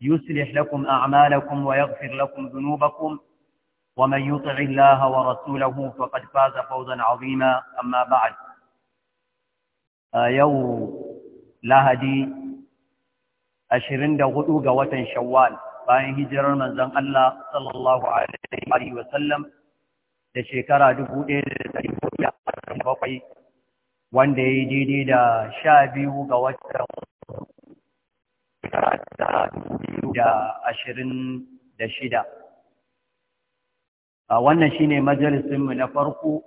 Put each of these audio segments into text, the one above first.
يصلح لكم اعمالكم ويغفر لكم ذنوبكم ومن يطع الله ورسوله فقد فاز فوزا عظيما اما بعد ايو لهدي hudu ga watan shawwal bayan hijirar manzon Allah sallallahu alaihi wa sallam da shekara 1447 wanda ya yi daidai da 12 ga watan shekara ta da shida. Wannan shi ne mu na farko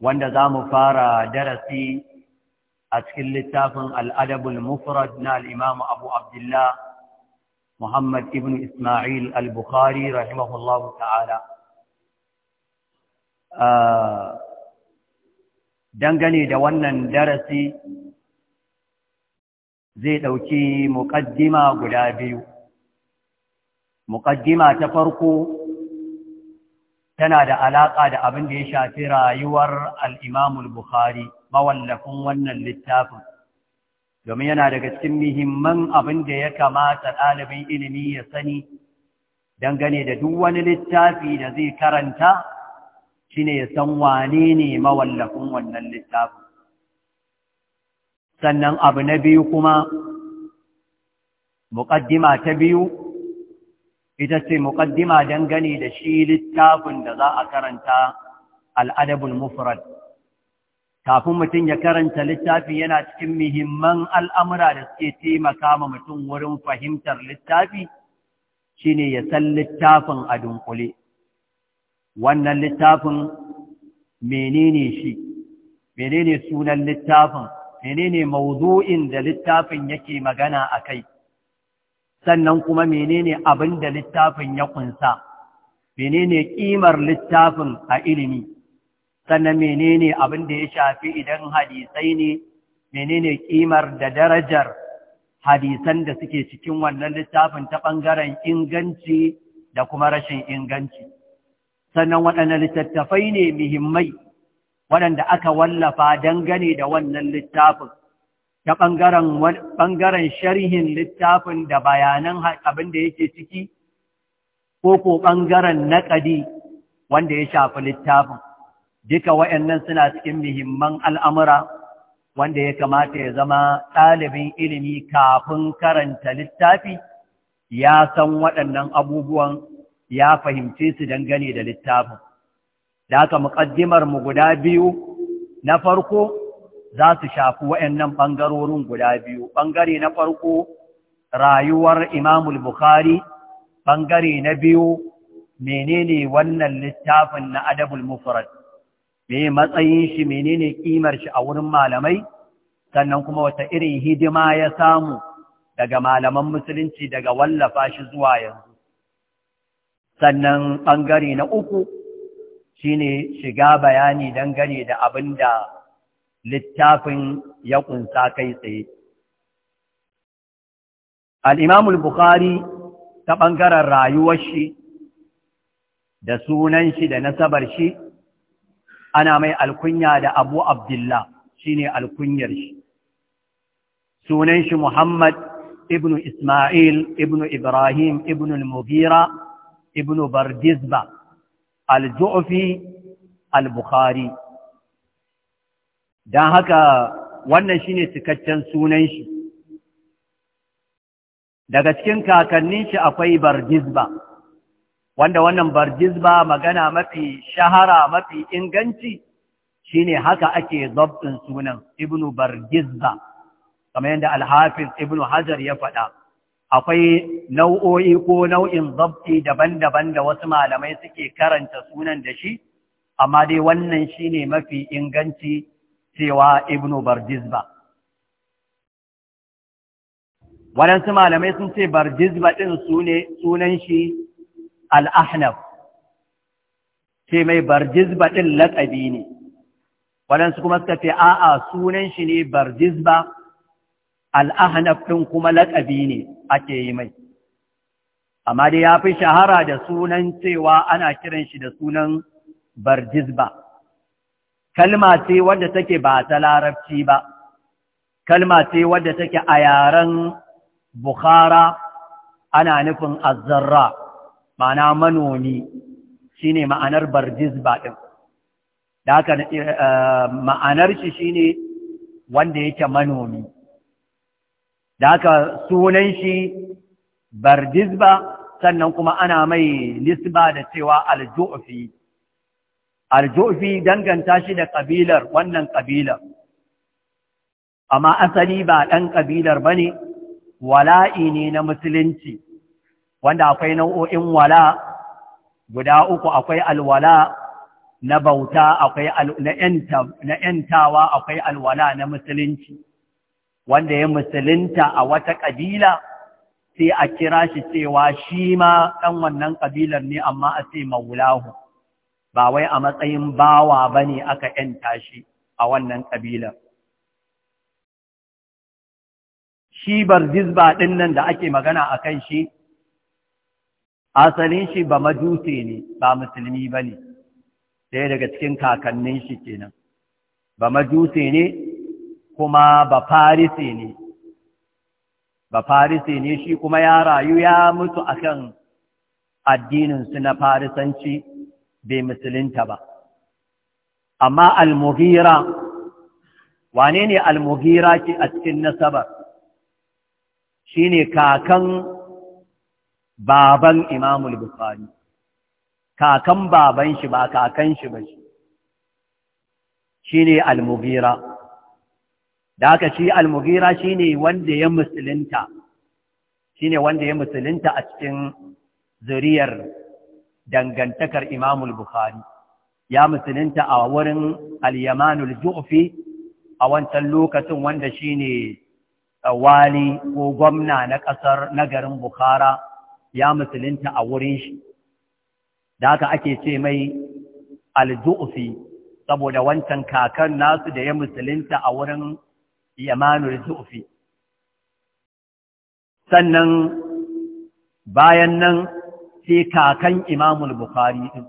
wanda za mu fara darasi a cikin littafin al'adabul mufrad na al'imamu Abu Abdullah Muhammad ibn Ismail al-Bukhari rahimahullahu ta'ala. Dangane da wannan darasi zai ɗauki muƙaddima guda biyu. Muƙaddima ta farko tana da alaƙa da abin da ya shafi rayuwar al'imamul Buhari mawallafin wannan littafin, domin yana daga cikin muhimman abin da ya kamata ɗalibin ilimi ya sani dangane da duk wani littafi da zai karanta shi ne ya san wane ne mawallafin wannan littafin. sannan abu na biyu kuma muƙaddima ta biyu ita ce muƙaddima dangane da shi littafin da za a karanta al'adabul mufrad kafin mutum ya karanta littafi yana cikin muhimman al'amura da suke taimaka ma mutum wurin fahimtar littafi shine ya san littafin a dunkule wannan littafin menene shi menene sunan littafin menene mawdu'in da littafin yake magana a kai sannan kuma menene abin da littafin ya kunsa menene ƙimar littafin a ilimi sannan menene abin da ya shafi idan hadisai ne menene ƙimar da darajar hadisan da suke cikin wannan littafin ta ɓangaren inganci da kuma rashin inganci sannan waɗanne littattafai ne muhimmai waɗanda aka wallafa dangane da wannan littafin ta ɓangaren sharhin littafin da bayanan abin da yake ciki ko ko ɓangaren naƙadi wanda ya shafi littafin duka waɗannan suna cikin muhimman al'amura wanda ya kamata ya zama ɗalibin ilimi kafin karanta littafi ya san waɗannan abubuwan ya fahimce su dangane da littafin da haka muƙaddimar mu guda biyu na farko za su shafi nan ɓangarorin guda biyu Ɓangare na farko rayuwar Imamul bukhari Ɓangare na biyu menene wannan littafin na Adabul Mufrad me matsayin shi menene ƙimar shi a wurin malamai sannan kuma wata irin hidima ya samu daga malaman musulunci daga wallafa shi zuwa yanzu sannan ɓangare na uku shine shiga bayani dangane da abin da littafin ya ƙunsa kai tsaye. Al'imamul Bukhari ta ɓangaren rayuwar shi da sunan shi da nasabar shi, ana mai alkunya da Abu Abdullah shine alkunyar shi. Sunan shi Muhammad ibn Ismail ibn Ibrahim ibn Mubira, ibn Bardizba. al-ju'fi al-bukhari dan haka wannan shine cikakken sunan shi daga cikin kakannin shi akwai bardizba wanda wannan bardizba magana mafi shahara mafi inganci shine haka ake zabtin sunan ibnu bardizba kamar yadda al-hafiz ibnu hajar ya faɗa akwai nau'o'i ko nau'in zabti daban-daban da wasu malamai suke karanta sunan da shi, amma dai wannan shi ne mafi inganci cewa Ibn Bardizba. Waɗansu malamai sun ce Bardizba ɗin sunan shi al'ahnaf, ce mai Bardizba ɗin laƙabi ne, waɗansu kuma suka ce a'a sunan shi ne Bardizba. al'ahnaf ɗin kuma laƙabi ne ake yi mai amma dai ya fi shahara da sunan cewa ana kiran shi da sunan barjizba kalma ce wadda take ba ta larabci ba kalma ce wadda take a yaren bukhara ana nufin azzarra ma'ana manomi shine ma'anar barjizba ɗin da aka eh, ma'anar shi shine wanda yake manomi da haka sunan shi bardizba sannan kuma ana mai nisba da cewa aljufi aljufi danganta shi da kabilar wannan kabilar amma asali ba ɗan kabilar ne. wala'i ne na musulunci wanda akwai nau'o'in wala guda uku akwai alwala na bauta akwai na ‘yantawa akwai alwala na musulunci wanda ya musulunta a wata ƙabila sai a kira shi cewa shi ma ɗan wannan ƙabilar ne amma a ce maulahu ba wai a matsayin bawa ba ne aka ‘yanta shi a wannan ƙabilar. Shi barzizba ɗin nan da ake magana a kan shi, asalin shi ba madute ne ba musulmi ba ne, Sai daga cikin kakannin shi kenan. Ba madute ne kuma ba farisi ne ba farisi ne shi kuma ya rayu ya mutu akan addininsu na farisanci bai musulunta ba amma al wanene wane ne a cikin nasabar ne kakan baban imamul bukari, kakan baban shi ba kakan shi ba shi shi ne mughira da haka shi al shi shine wanda ya musulunta shine wanda ya musulunta a cikin zuriyar dangantakar Imam al-Bukhari ya musulunta a wurin al-Yamanul a wancan lokacin wanda shine wali ko gwamna na kasar nagarin Bukhara ya musulunta a wurin shi da haka ake ce mai al-Ju'fi saboda wancan kakan nasu da ya musulunta a wurin yamanul zu'fi sannan bayan nan sai kakan imamul bukhari din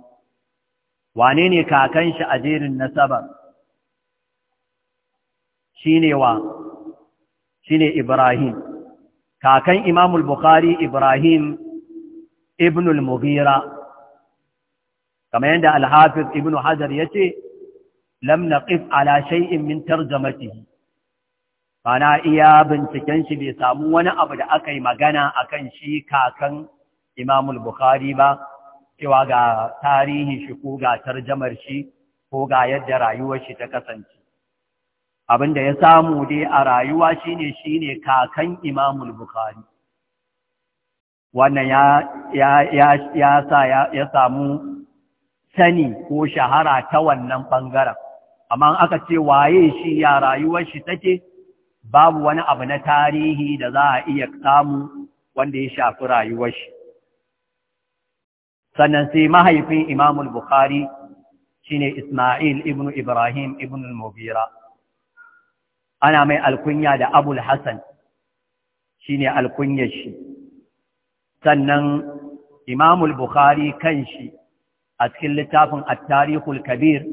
wane ne kakan shi a jerin nasaba shine wa shine ibrahim kakan imamul bukhari ibrahim Ibnul-Muhira, mughira kamar yadda al-hafiz ibn hajar yace lam naqif ala shay'in min tarjamatihi Bana iya binciken shi bai samu wani abu da aka yi magana a kan shi kakan Imamul Bukhari ba, cewa ga tarihin shi ko ga tarjamar shi ko ga yadda rayuwar shi ta kasance. Abin da ya samu dai a rayuwa shi shine kakan Imamul Bukhari. Wannan ya sa ya samu sani ko shahara ta wannan ɓangaren, amma aka ce waye shi ya rayuwar shi take, babu wani abu na tarihi da za a iya samu wanda ya shafi rayuwar shi sannan sai mahaifin imamul bukhari ne isma'il ibnu ibrahim Ibn mubira ana mai alkunya da abul hasan shine alkunyar shi sannan imamul bukhari kanshi a cikin littafin at-tarihul kabir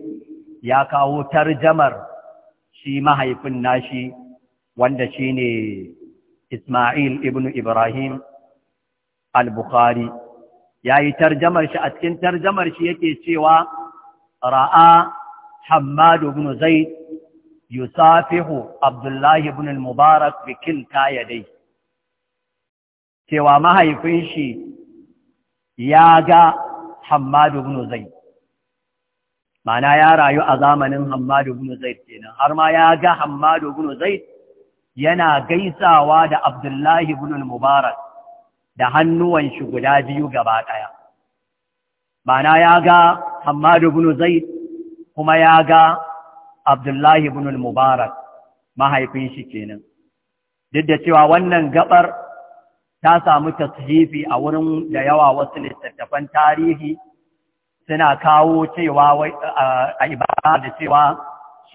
ya kawo tarjamar shi mahaifin nashi wanda shine Ismail ibn Ibrahim al-Bukhari yayi tarjamar shi a cikin tarjamar shi yake cewa ra'a Hammad ibn Zaid yusafihu Abdullah ibn al-Mubarak bi kilta yadai cewa mahaifin shi ya ga Hammad ibn Zaid mana ya rayu a zamanin Hammad ibn Zaid kenan har ma ya ga Hammad ibn Zaid yana gaisawa da Abdullahi ibn al-Mubarak da hannuwan shi guda biyu gaba ɗaya. Mana ya ga Hammadu ibn Zaid kuma ya ga Abdullahi ibn al-Mubarak mahaifin shi kenan. Duk da cewa wannan gabar ta samu tashifi a wurin da yawa wasu littattafan tarihi suna kawo cewa a ibada da cewa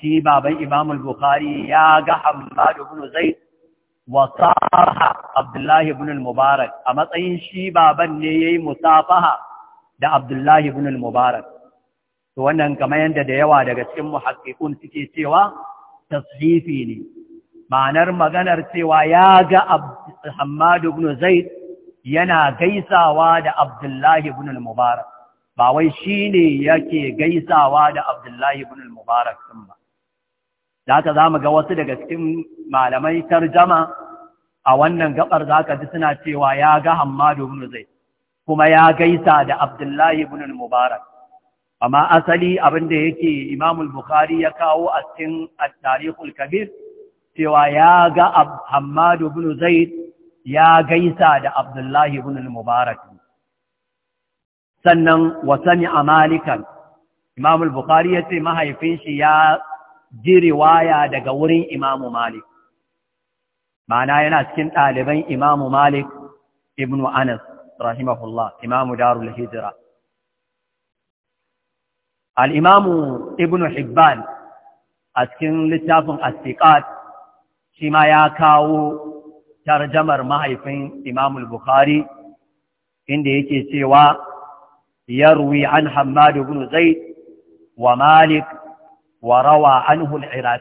shi baban Imam al-Bukhari ya ga Hammad ibn Zaid wa Talha mubarak a matsayin shi baban ne yayi musafaha da Abdullah ibn mubarak to wannan kamar yanda da yawa daga cikin muhaqqiqun suke cewa tashifi ne ma'anar maganar cewa ya ga Hammad yana gaisawa da Abdullah ibn mubarak ba wai shi ne yake gaisawa da Abdullahi ibn mubarak din ba da haka za mu ga wasu daga cikin malamai tarjama a wannan gabar za ka ji suna cewa ya ga Hammadu ibn kuma ya gaisa da Abdullahi ibn Mubarak amma asali abin da yake Imam bukhari ya kawo a cikin at al-Kabir cewa ya ga Hammadu ibn Zaid ya gaisa da Abdullahi ibn Mubarak sannan wa sami'a Malikan Imamul bukhari ya ce mahaifin shi ya ji riwaya daga wurin imamu malik ma'ana yana cikin ɗaliban imamu malik ibn anas rahimahullah imamu darul hijira al'imamu ibn hibban a cikin littafin astiqat shi ma ya kawo tarjamar mahaifin Imamu bukhari inda yake cewa yarwi an hamadu ibn zaid wa malik wa rawa anhu al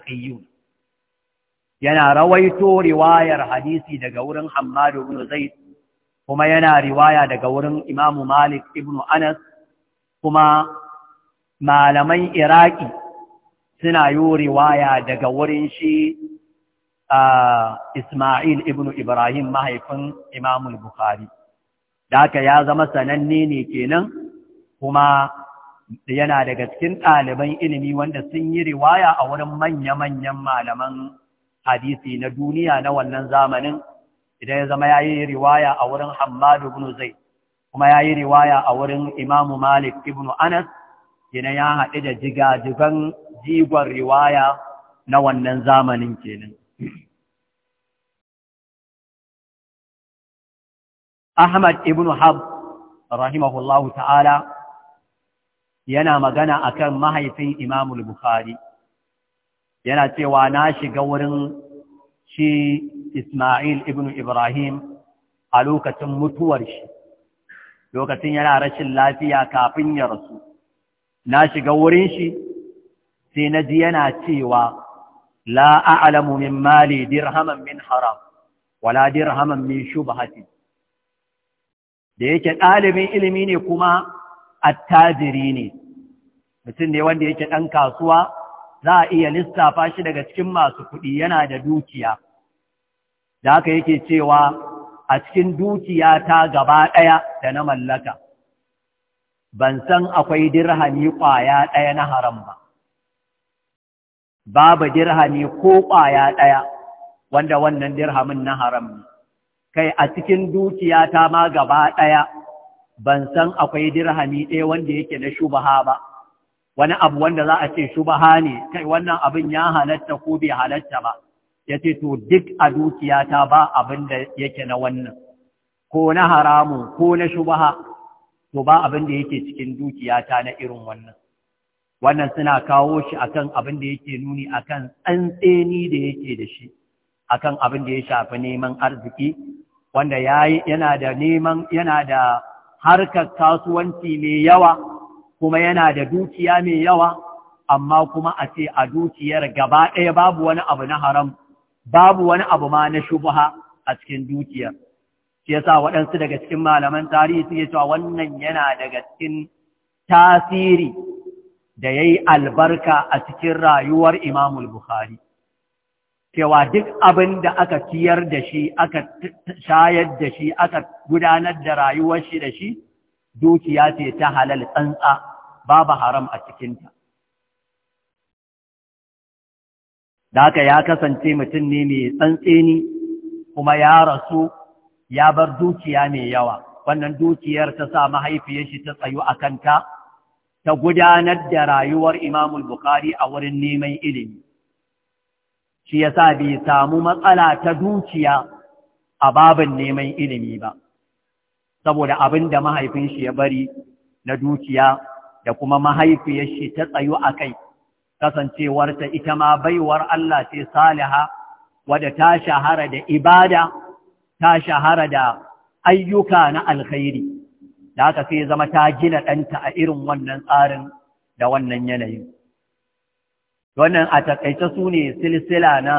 yana rawaito riwayar hadisi daga wurin Hammad ibn kuma yana riwaya daga wurin Imam Malik ibn Anas kuma malamai Iraki suna yi riwaya daga wurin shi Isma'il ibn Ibrahim mahaifin Imam Bukhari da haka ya zama sananne ne kenan kuma yana daga cikin ɗaliban ilimi wanda sun yi riwaya a wurin manya-manyan malaman hadisi na duniya na wannan zamanin idan ya zama ya yi riwaya a wurin hamadu ibn zai kuma ya yi riwaya a wurin imamu malik ibn anas yana ya haɗu da jigajigan jigon riwaya na wannan zamanin kenan ahmad ibn hab rahimahullahu ta'ala yana magana akan mahaifin Imamul Bukhari yana cewa na shiga wurin shi Ismail ibn Ibrahim a lokacin mutuwar shi lokacin yana rashin lafiya kafin ya rasu na shiga wurin shi sai na ji yana cewa la a'lamu min mali dirhaman min haram wala dirhaman min shubhati da yake ɗalibin ilimi ne kuma attajiri ne mutum ne wanda yake ɗan kasuwa za a iya lissafa shi daga cikin masu kuɗi yana da dukiya da haka yake cewa a cikin dukiya ta gaba ɗaya da na mallaka ban san akwai dirhami ƙwaya ɗaya na haram ba babu dirhami ko ƙwaya ɗaya wanda wannan dirhamin na haram ne kai a cikin dukiya ta ma gaba ɗaya ban san akwai dirhami ɗaya wanda yake na shubaha ba wani abu wanda za a ce shubaha ne kai wannan abin ya halatta ko bai halatta ba ya ce to duk a dukiyata ba abin da yake na wannan ko na haramun ko na shubaha to ba abin da yake cikin dukiyata na irin wannan wannan suna kawo shi akan abin da yake nuni akan tsantseni da yake da shi akan abin da ya shafi neman arziki wanda yana da neman yana da harkar kasuwanci mai yawa kuma yana da dukiya mai yawa amma kuma a ce a dukiyar gaba ɗaya babu wani abu na haram babu wani abu ma na shubuha a cikin dukiyar shi yasa waɗansu daga cikin malaman tarihi suke cewa wannan yana daga cikin tasiri da yayi albarka a cikin rayuwar Imam Bukhari cewa duk abin da aka ciyar da shi aka shayar da shi aka gudanar da rayuwar shi da shi dukiya ce ta halal tsantsa babu haram a cikinta da ya kasance mutum ne mai tsantseni kuma ya rasu ya bar dukiya mai yawa wannan dukiyar ta sa mahaifiyar shi ta tsayu a kanta ta gudanar da rayuwar imamul bukari a wurin neman ilimi shi yasa bai samu matsala ta dukiya a babin neman ilimi ba saboda abin da mahaifin shi ya bari na dukiya da kuma mahaifiyarshi ta tsayu a kai kasancewarta ita ma baiwar Allah sai saliha wadda ta shahara da ibada ta shahara da ayyuka na alkhairi da aka sai zama ta gina ɗanta a irin wannan tsarin da wannan yanayin wannan a takaice su ne silsila na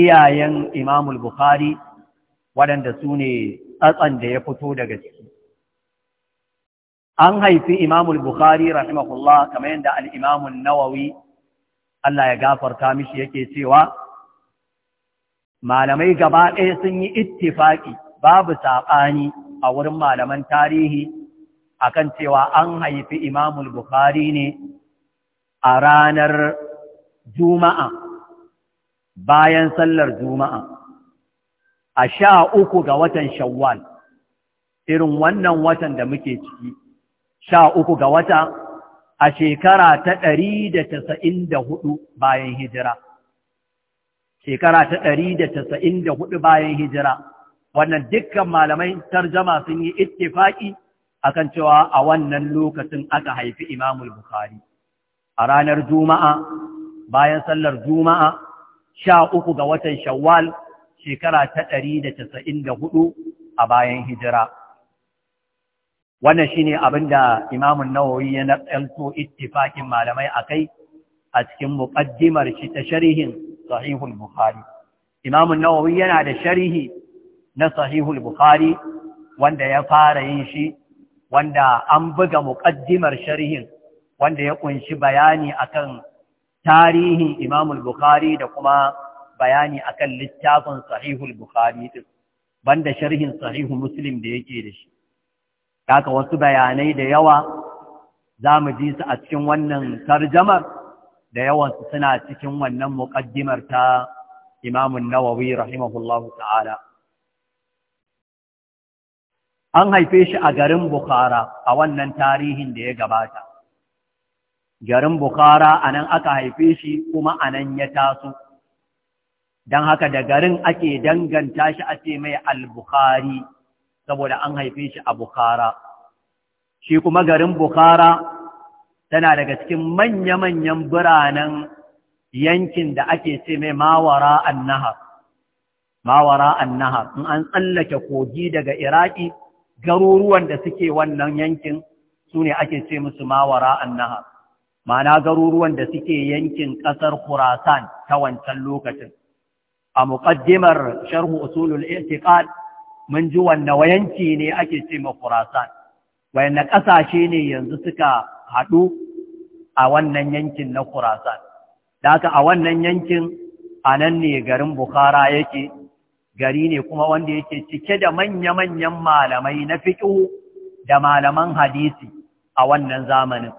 iyayen imamul bukhari waɗanda su ne da ya fito daga ciki an haifi imamul bukhari rahimahullah kamar yadda al'imamun nawawi Allah ya gafarta mishi yake cewa malamai gaba ɗaya sun yi ittifaƙi babu saɓani a wurin malaman tarihi akan cewa an haifi imamul bukhari ne a ranar Juma'a, bayan sallar Juma'a, a sha uku ga watan Shawwal, irin wannan watan da muke ciki, sha uku ga wata a shekara ta ɗari da tasa'in da hudu bayan hijira. Shekara ta ɗari da tasa'in da hudu bayan hijira, wannan dukkan malamai tarjama sun yi ittifaƙi kan cewa a wannan lokacin aka haifi Imamul Bukhari. a ranar Juma'a bayan sallar Juma'a sha uku ga watan Shawwal shekara ta ɗari da casa'in da hudu a bayan hijira. Wannan shi ne abin da imamun nawoyi ya naɗanto ittifakin malamai a kai a cikin muƙaddimar shi ta sharihin sahihul Bukhari. Imamun yana da sharihi na sahihul Bukhari wanda ya fara yin shi wanda an buga muƙaddimar sharihin wanda ya kunshi bayani akan tarihin Imam al-Bukhari da kuma bayani akan littafin Sahihul Bukhari din banda sharhin Sahihu Muslim da yake da shi kaka wasu bayanai da yawa zamu ji su a cikin wannan tarjamar da yawan suna cikin wannan muqaddimar ta Imam an-Nawawi rahimahullahu ta'ala an haife shi a garin Bukhara a wannan tarihin da ya gabata garin Bukhara a nan aka haife shi kuma a nan ya taso. Don haka da garin ake danganta shi a ce mai al-Bukhari, saboda an haife shi a Bukhara. Shi kuma garin Bukhara tana daga cikin manya-manyan biranen yankin da ake ce mai mawara annahar. Mawara annahar, in an tsallake kogi daga Iraki, garuruwan da suke wannan yankin su ne ake ce musu mawara annahar. ma'ana garuruwan da suke yankin ƙasar Khurasan ta wancan lokacin. A muƙaddimar sharhu usulul i'tiqad mun ji wanne wayanci ne ake ce ma Khurasan, wayanne ƙasashe ne yanzu suka haɗu a wannan yankin na Khurasan. daka a wannan yankin anan ne garin Bukhara yake, gari ne kuma wanda yake cike da manya-manyan malamai na fiƙo da malaman hadisi a wannan zamanin.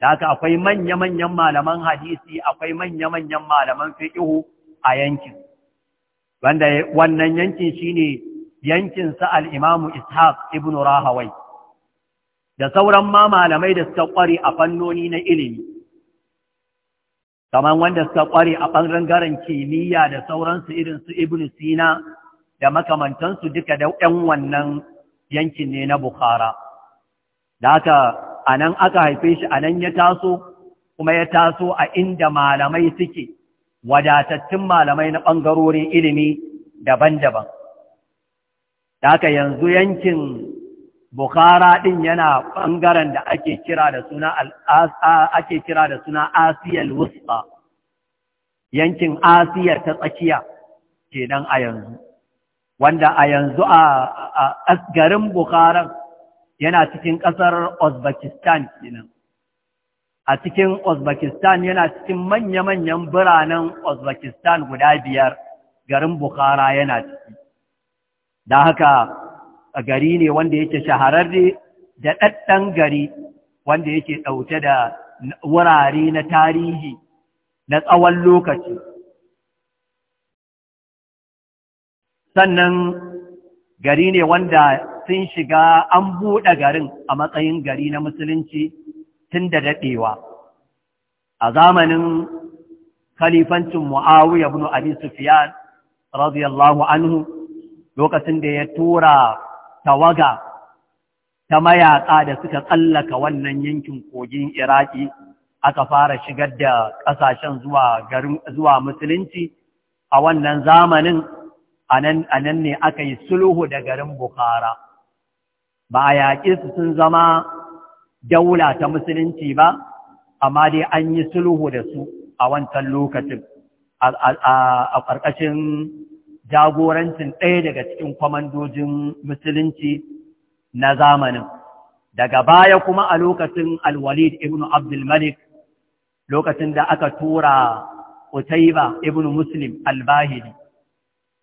da akwai manya-manyan malaman hadisi akwai manya-manyan malaman fiƙihu a yankin wanda wannan yankin shine yankin sa al-Imam Ishaq ibn Rahawai da sauran ma malamai da suka kware a fannoni na ilimi kamar wanda suka kware a bangaren kimiyya da sauransu irin su Ibn Sina da makamantansu duka da 'yan wannan yankin ne na Bukhara da a nan aka haife shi a nan ya taso kuma ya taso a inda malamai suke wadatattun malamai na ɓangarorin ilimi daban-daban da haka yanzu yankin Bukhara ɗin yana ɓangaren da ake kira da suna ake kira da suna Asiyal Wusta, yankin Asiyar ta tsakiya kenan a yanzu, wanda a yanzu a asgarin Bukharan yana cikin ƙasar Uzbekistan kenan. A cikin Uzbekistan yana cikin manya-manyan biranen Uzbekistan guda biyar garin Bukhara yana ciki. Da haka a gari ne wanda yake shahararre da ɗaɗɗan gari wanda yake ɗauke da wurare na tarihi na tsawon lokaci. Sannan gari ne wanda sun shiga an buɗe garin a matsayin gari na musulunci tun da daɗewa. A zamanin khalifancin Mu'awiyah ibn abin Sufyan radiyallahu anhu lokacin da ya tura tawaga ta mayaƙa da suka tsallaka wannan yankin kogin Iraki aka fara shigar da ƙasashen zuwa musulunci a wannan zamanin anan ne aka yi sulhu da garin Bukhara ba a yaƙi su sun zama daula ta musulunci ba amma dai an yi sulhu da su a wancan lokacin a ƙarƙashin jagorancin ɗaya daga cikin kwamandojin musulunci na zamanin daga baya kuma a lokacin alwalid ibn abdulmalik lokacin da aka tura utaiba ibn muslim albahiri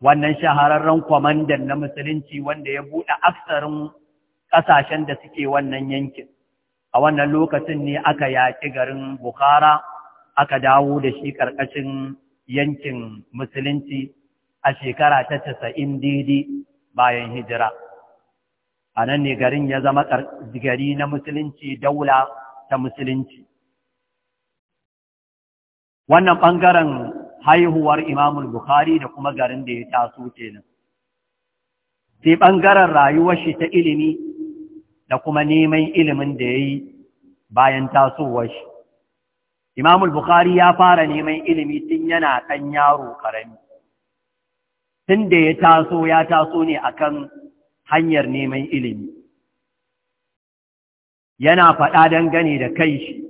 wannan shahararren kwamandan na musulunci wanda ya buɗe aksarin ƙasashen da suke wannan yankin a wannan lokacin ne aka yaƙi garin bukhara aka dawo da shi ƙarƙashin yankin musulunci a shekara ta casa'in daidai bayan hijira a nan ne garin ya zama gari na musulunci daula ta musulunci wannan ɓangaren haihuwar imamul bukhari da kuma garin da ya taso kenan sai ɓangaren rayuwar shi ta ilimi da kuma neman ilimin da ya yi bayan tasowar shi. Imamul Bukhari ya fara neman ilimi tun yana ɗan yaro ƙarami. Tun da ya taso ya taso ne akan hanyar neman ilimi. Yana faɗa dangane da kai shi,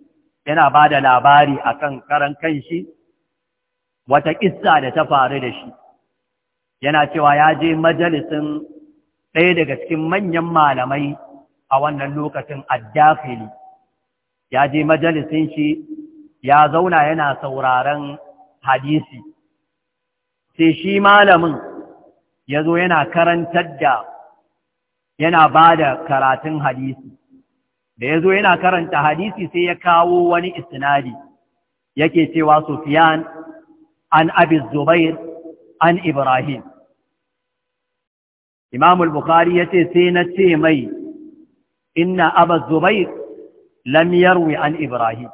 yana ba da labari akan karan kan shi, wata ƙissa da ta faru da shi. Yana cewa ya je majalisin ɗaya daga cikin manyan malamai a wannan lokacin addafili ya je majalisin shi ya zauna yana sauraren hadisi sai shi malamin ya zo yana karantar da yana ba da karatun hadisi da ya zo yana karanta hadisi sai ya kawo wani istinadi yake cewa sufiyan an abi zubair an ibrahim imamul bukhari ya ce sai na ce mai inna abu zubair lamiyar yarwi an ibrahim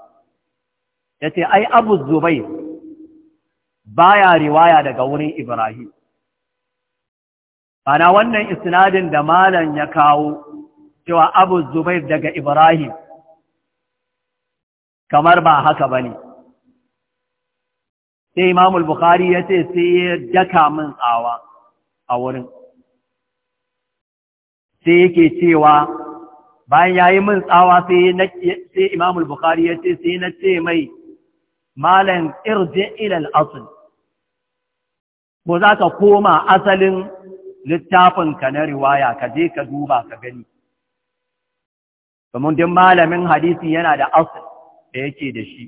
yace ai abu zubair baya riwaya daga wurin ibrahim Bana wannan isnadin da malam ya kawo cewa abu zubair daga ibrahim kamar ba haka bane sai imamul bukhari yace sai ya daka min tsawa a wurin sai yake cewa bayan ya yi min tsawa sai imamul bukhari ya ce sai na ce mai malam irje ilal asul ko za ka koma asalin littafinka na riwaya ka je ka duba ka gani domin duk malamin hadisi yana da asul da yake da shi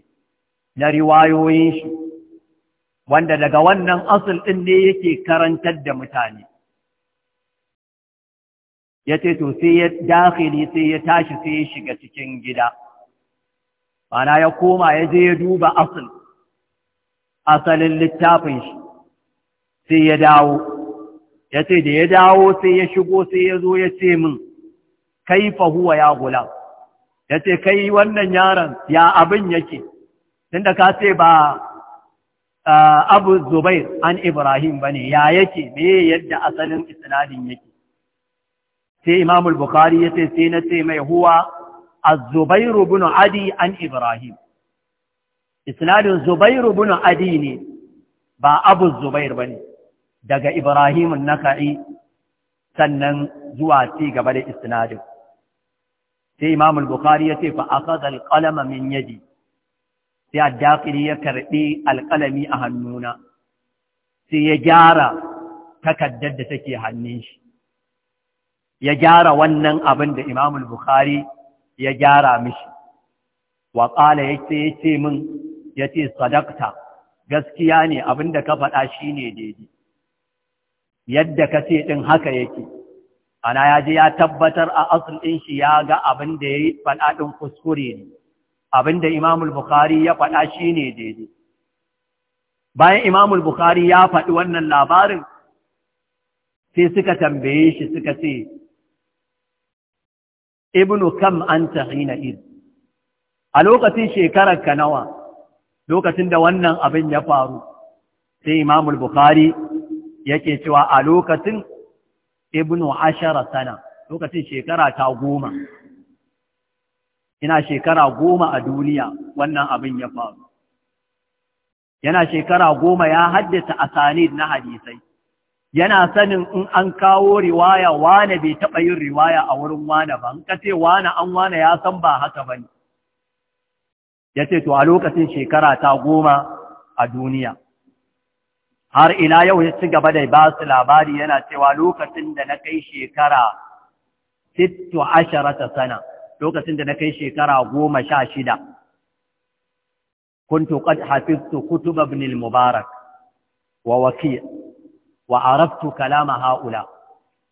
na riwayoyin shi wanda daga wannan asul ɗin ne yake karantar da mutane ya ce to sai ya dakhili sai ya tashi sai ya shiga cikin gida Bana ya koma ya je ya duba asal asalin littafin shi sai ya dawo ya ce da ya dawo sai ya shigo sai ya zo ya ce min kai fahuwa ya gula ya ce kai wannan yaron ya abin yake tunda ka ce ba ah, abu zubair an ibrahim ba ne ya yake me yadda asalin isnadin yake sai Imam al-Bukhari yace sai na ce mai huwa Az-Zubair ibn Adi an Ibrahim isnadin Zubair ibn Adi ne ba Abu Zubair bane daga Ibrahim an-Naka'i sannan zuwa ci gaba da isnadin sai Imam al-Bukhari yace fa akhadha al-qalama min yadi sai addakiri ya karɓi alƙalami a hannuna sai ya gyara takaddar da take hannun shi ya gyara wannan abin da Imam Bukhari ya gyara mishi wa qala yace yace min yace sadakta. gaskiya ne abin da ka faɗa shine daidai yadda ka ce din haka yake ana ya je ya tabbatar a asl din shi ya ga abin da yayi faɗa din kuskure ne abin da Imam Bukhari ya faɗa shine daidai bayan Imam Bukhari ya faɗi wannan labarin sai suka tambaye shi suka ce ibnu kam anta hina id a lokacin shekarar ka nawa lokacin da wannan abin ya faru sai imamul bukhari yake cewa a lokacin ibnu ashara sana lokacin shekara ta goma ina shekara goma a duniya wannan abin ya faru yana shekara goma ya haddasa asanid na hadisai yana sanin in an kawo riwaya wane bai taɓa yin riwaya a wurin wane ba, ka ce wane an wane ya san ba haka ba ne. Ya ce, To, a lokacin shekara ta goma a duniya, har ina yau ya ci gaba da basu labari yana cewa lokacin da na kai shekara sittu asharata sana, lokacin da na kai shekara goma sha shida, kuntu qad hafiztu kutub mubarak wa wakil. wa araftu kalama haula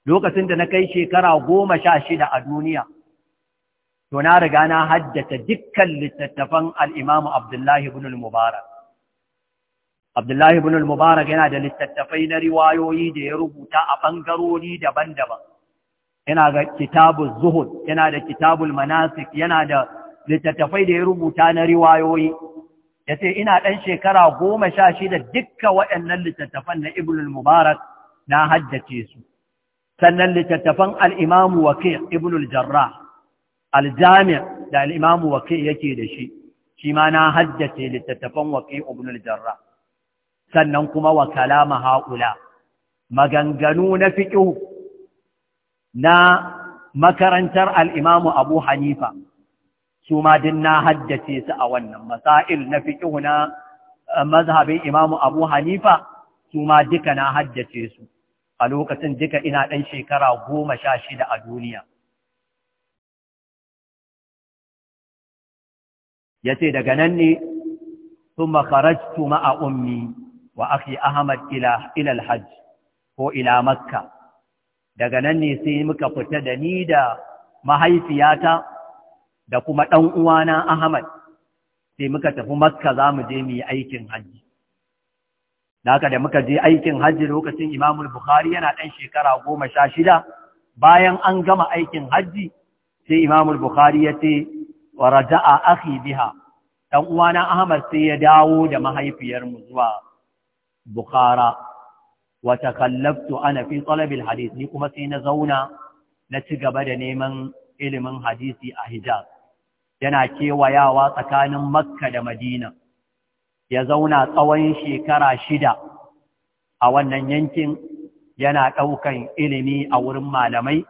lokacin da na kai shekara goma sha shida a duniya to na riga na haddata dukkan littattafan alimam Abdullahi Abdullah ibn al-Mubarak Abdullahi ibn al-Mubarak yana da littattafai na riwayoyi da ya rubuta a bangarori daban-daban yana ga kitabun zuhud yana da kitabun manasik yana da littattafai da ya rubuta na riwayoyi ya ce ina ɗan shekara goma sha shida dukka waɗannan littattafan na ibn mubarak na haddace su sannan littattafan al'imamu wake ibn jarra aljami da al'imamu wake yake da shi shi ma na haddace littattafan wake ibn jarra sannan kuma wa kalama haula maganganu na fiƙihu na makarantar al'imamu abu hanifa su ma din na haddace su a wannan masail na fi na eh, mazhabin Imam Abu Hanifa su ma duka na haddace su a lokacin duka ina ɗan shekara goma sha shida a duniya. Ya ce daga nan ne, sun makarajtu ma'a ummi wa akhi Ahmad ilal hajj ko ila Makka. Daga nan ne sai muka fita da ni da mahaifiyata da kuma ɗan uwana Ahmad sai muka tafi Makka za mu je mu yi aikin hajji. Da haka da muka je aikin hajji lokacin Imamul Bukhari yana ɗan shekara goma sha shida bayan an gama aikin hajji sai Imamul Bukhari ya ce wa raja'a akhi biha ɗan uwana Ahmad sai ya dawo da mahaifiyarmu zuwa Bukhara wa takallabtu ana fi talab ni kuma sai na zauna na ci gaba da neman ilimin hadisi a Hijaz yana kewayawa tsakanin makka da madina ya zauna tsawon shekara shida a wannan yankin yana ɗaukan ilimi a wurin malamai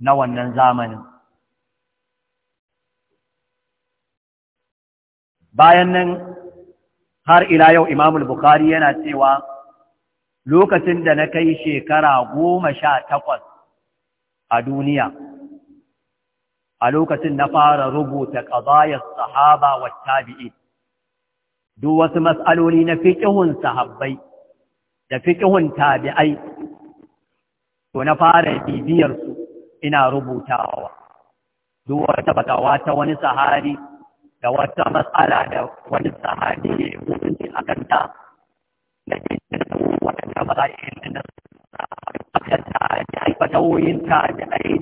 na wannan zamanin bayan nan har ila yau imamul Bukhari yana cewa lokacin da na kai shekara goma sha takwas a duniya a lokacin na fara rubuta qadayas sahaba wa tabi'in duk wasu mas'aloli na fiƙihun sahabbai da fiƙihun tabi'ai to na fara bibiyar su ina rubutawa duk wata batawa ta wani sahari da wata matsala da wani sahari ne hukunci a kanta da ke wadanda ba za a yi da aikata da aikata wuyin ta da aiki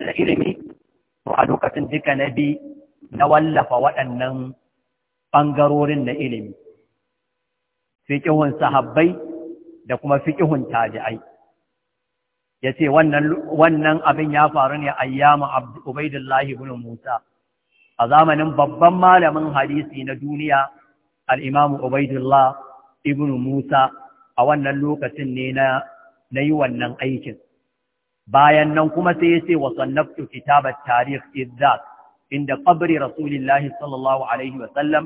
da ilimi to a lokacin duka na bi na wallafa waɗannan ɓangarorin na ilimi fiƙihun sahabbai da kuma fiƙihun tabi'ai ya ce wannan abin ya faru ne a yamma ubaidullahi bin musa a zamanin babban malamin hadisi na duniya al'imamu ubaidullah ibn musa a wannan lokacin ne na yi wannan aikin bayan nan kuma sai ya ce wa sannaftu kitabar tarikh idzat inda ƙabri rasulillahi sallallahu alaihi wa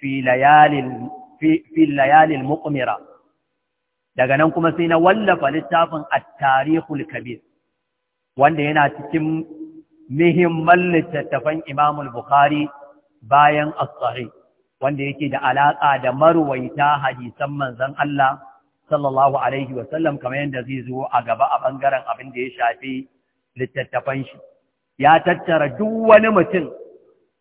fi layalil fi daga nan kuma sai na wallafa littafin at-tarikhul kabir wanda yana cikin muhimman littattafan Imam al-Bukhari bayan as wanda yake da alaƙa da marwaita hadisan manzon Allah sallallahu alaihi wasallam kamar yadda zai zo a gaba a bangaren abin da ya shafi littattafan shi ya tattara duk wani mutum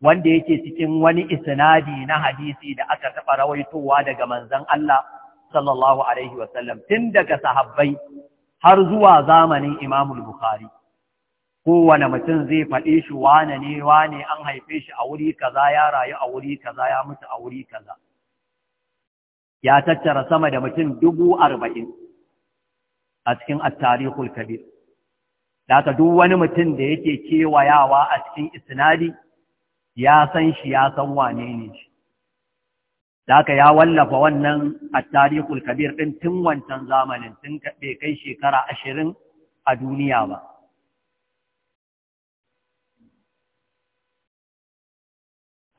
wanda yake cikin wani isnadi na hadisi da aka taɓa rawaitowa daga manzon Allah sallallahu alaihi wasallam tun daga sahabbai har zuwa zamanin Imamul Bukhari kowane mutum zai faɗe shi wane ne wane an haife shi a wuri kaza ya rayu a wuri kaza ya mutu a wuri kaza ya tattara sama da mutum dubu arba'in a cikin attarihul kabir da ka duk wani mutum da yake kewayawa a cikin isnadi ya san shi ya san wane ne shi da ka ya wallafa wannan attarihul kabir ɗin tun wancan zamanin tun bai kai shekara ashirin a duniya ba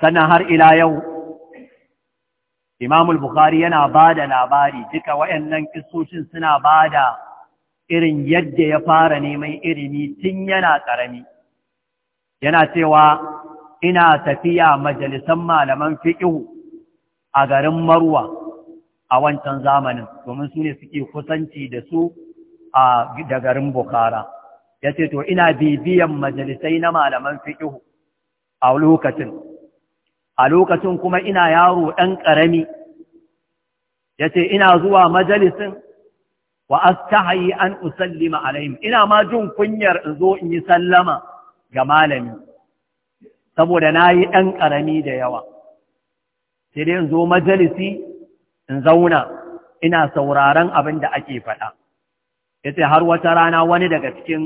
sannan har ila yau Imamul Bukhari yana ba da labari duka wayannan kissocin suna ba da irin yadda ya fara neman ilimi tun yana ƙarami. Yana cewa ina tafiya majalisan malaman fiƙihu a garin Marwa a wancan zamanin domin su ne suke kusanci da su a da garin Bukhara. yace to ina bibiyan majalisai na malaman fiƙihu a lokacin a lokacin kuma ina yaro ɗan ƙarami ya ce ina zuwa majalisin wa astahayi an usallima alaihim ina ma jin kunyar in zo in yi sallama ga malami saboda na yi ɗan ƙarami da yawa sai dai in zo majalisi in zauna ina sauraron abin da ake faɗa ya ce har wata rana wani daga cikin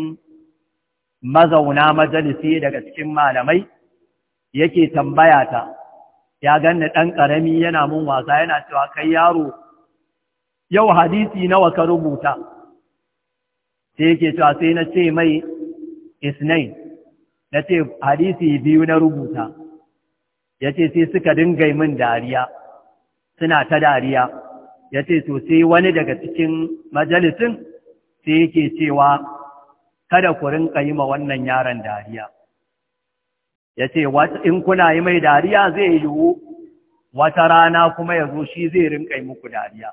mazauna majalisi daga cikin malamai yake tambaya ta ya ganni ɗan ƙarami yana mun wasa yana cewa kai yaro yau hadisi nawa ka rubuta sai yake cewa sai na ce mai isnai na ce hadisi biyu na rubuta ya ce sai suka dinga min dariya suna ta dariya ya ce to sai wani daga cikin majalisin sai yake cewa kada ku rinka yi ma wannan yaron dariya ya ce in kuna yi mai dariya zai yiwu wata rana kuma ya zo shi zai rinƙai muku dariya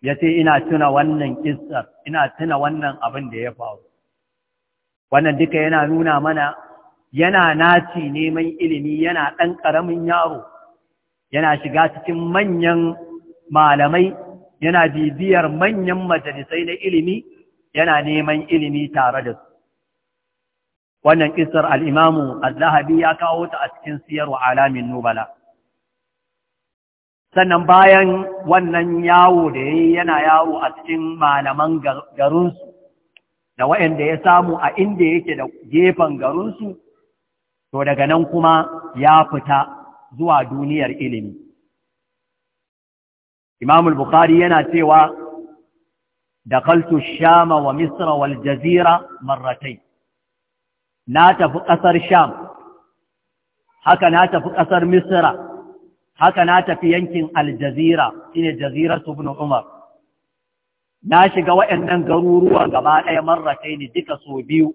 ya ce ina tuna wannan ƙisar ina tuna wannan abin da ya faru wannan duka yana nuna mana yana naci neman ilimi yana ɗan ƙaramin yaro yana shiga cikin manyan malamai yana bibiyar manyan majalisai na ilimi yana neman ilimi tare da su wannan kisar al'imamu al ya kawo ta a cikin siyarwa alamin nubala sannan bayan wannan yawo da ya yana yawo a cikin malaman garinsu da waɗanda ya samu a inda yake da gefen garinsu to daga nan kuma ya fita zuwa duniyar ilimi imamul bukhari yana cewa da kaltu shama wa misra wal jazira marratai na tafi ƙasar Sham, haka na tafi ƙasar Misira, haka na tafi yankin Aljazira, shine Jazira Ibn Umar. Na shiga waɗannan garuruwa gaba ɗaya marrakai ne duka so biyu,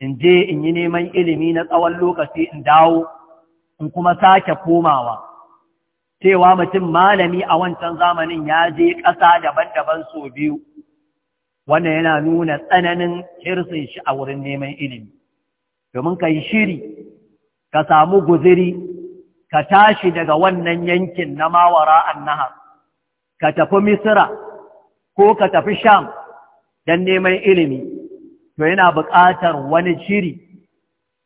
in je in yi neman ilimi na tsawon lokaci in dawo, in kuma sake komawa. Cewa mutum malami a wancan zamanin ya je ƙasa daban-daban so biyu, wannan yana nuna tsananin hirsin shi a wurin neman ilimi. domin ka yi shiri ka samu guziri ka tashi daga wannan yankin na mawara annahar ka tafi misira ko ka tafi sham don neman ilimi to yana buƙatar wani shiri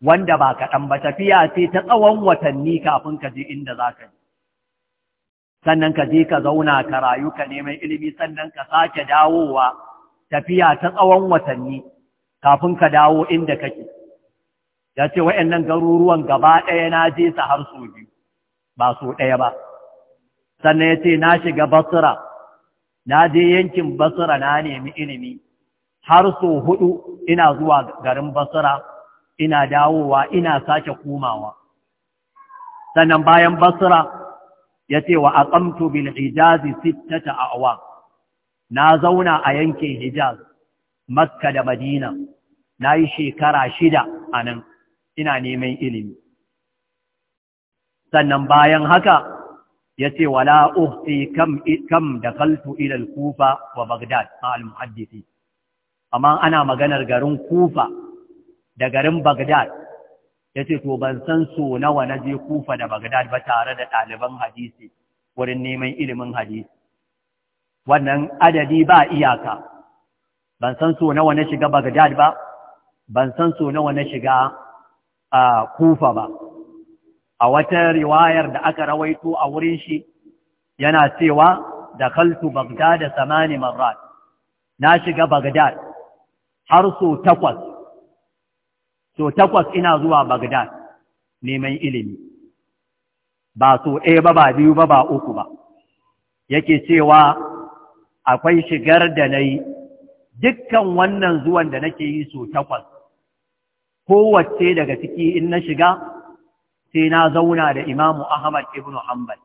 wanda ba kaɗan ba tafiya ce ta tsawon watanni kafin ka je inda za ka je sannan ka je ka zauna ka rayu ka neman ilimi sannan ka sake dawowa tafiya ta tsawon watanni kafin ka dawo inda kake ya ce nan garuruwan gaba ɗaya na je su har so biyu ba so ɗaya ba sannan ya ce na shiga basira na je yankin basira na nemi ilimi har so hudu ina zuwa garin basira ina dawowa ina sake komawa sannan bayan basira ya ce wa aqamtu bil hijazi sittata awa. na zauna a yankin hijaz makka da madina na yi shekara shida a nan ina neman ilimi sannan bayan haka ya ce wala uhsi kam da kaltu ilal kufa wa bagdad a al amma ana maganar garin kufa da garin bagdad ya ce to ban san so nawa na je kufa da bagdad ba tare da ɗaliban hadisi wurin neman ilimin hadisi wannan adadi ba iyaka ban san so nawa na shiga bagdad ba ban san so nawa na shiga a kufa ba a wata riwayar da aka rawaito a wurin shi yana cewa da kaltu bagdad samani marrat na shiga bagdad har so takwas so takwas ina zuwa bagdad neman ilimi ba so ɗaya ba ba biyu ba ba uku ba yake cewa akwai shigar da na yi dukkan wannan zuwan da nake yi so takwas kowace daga ciki in na shiga sai na zauna da imamu Ahmad ibn Hanbal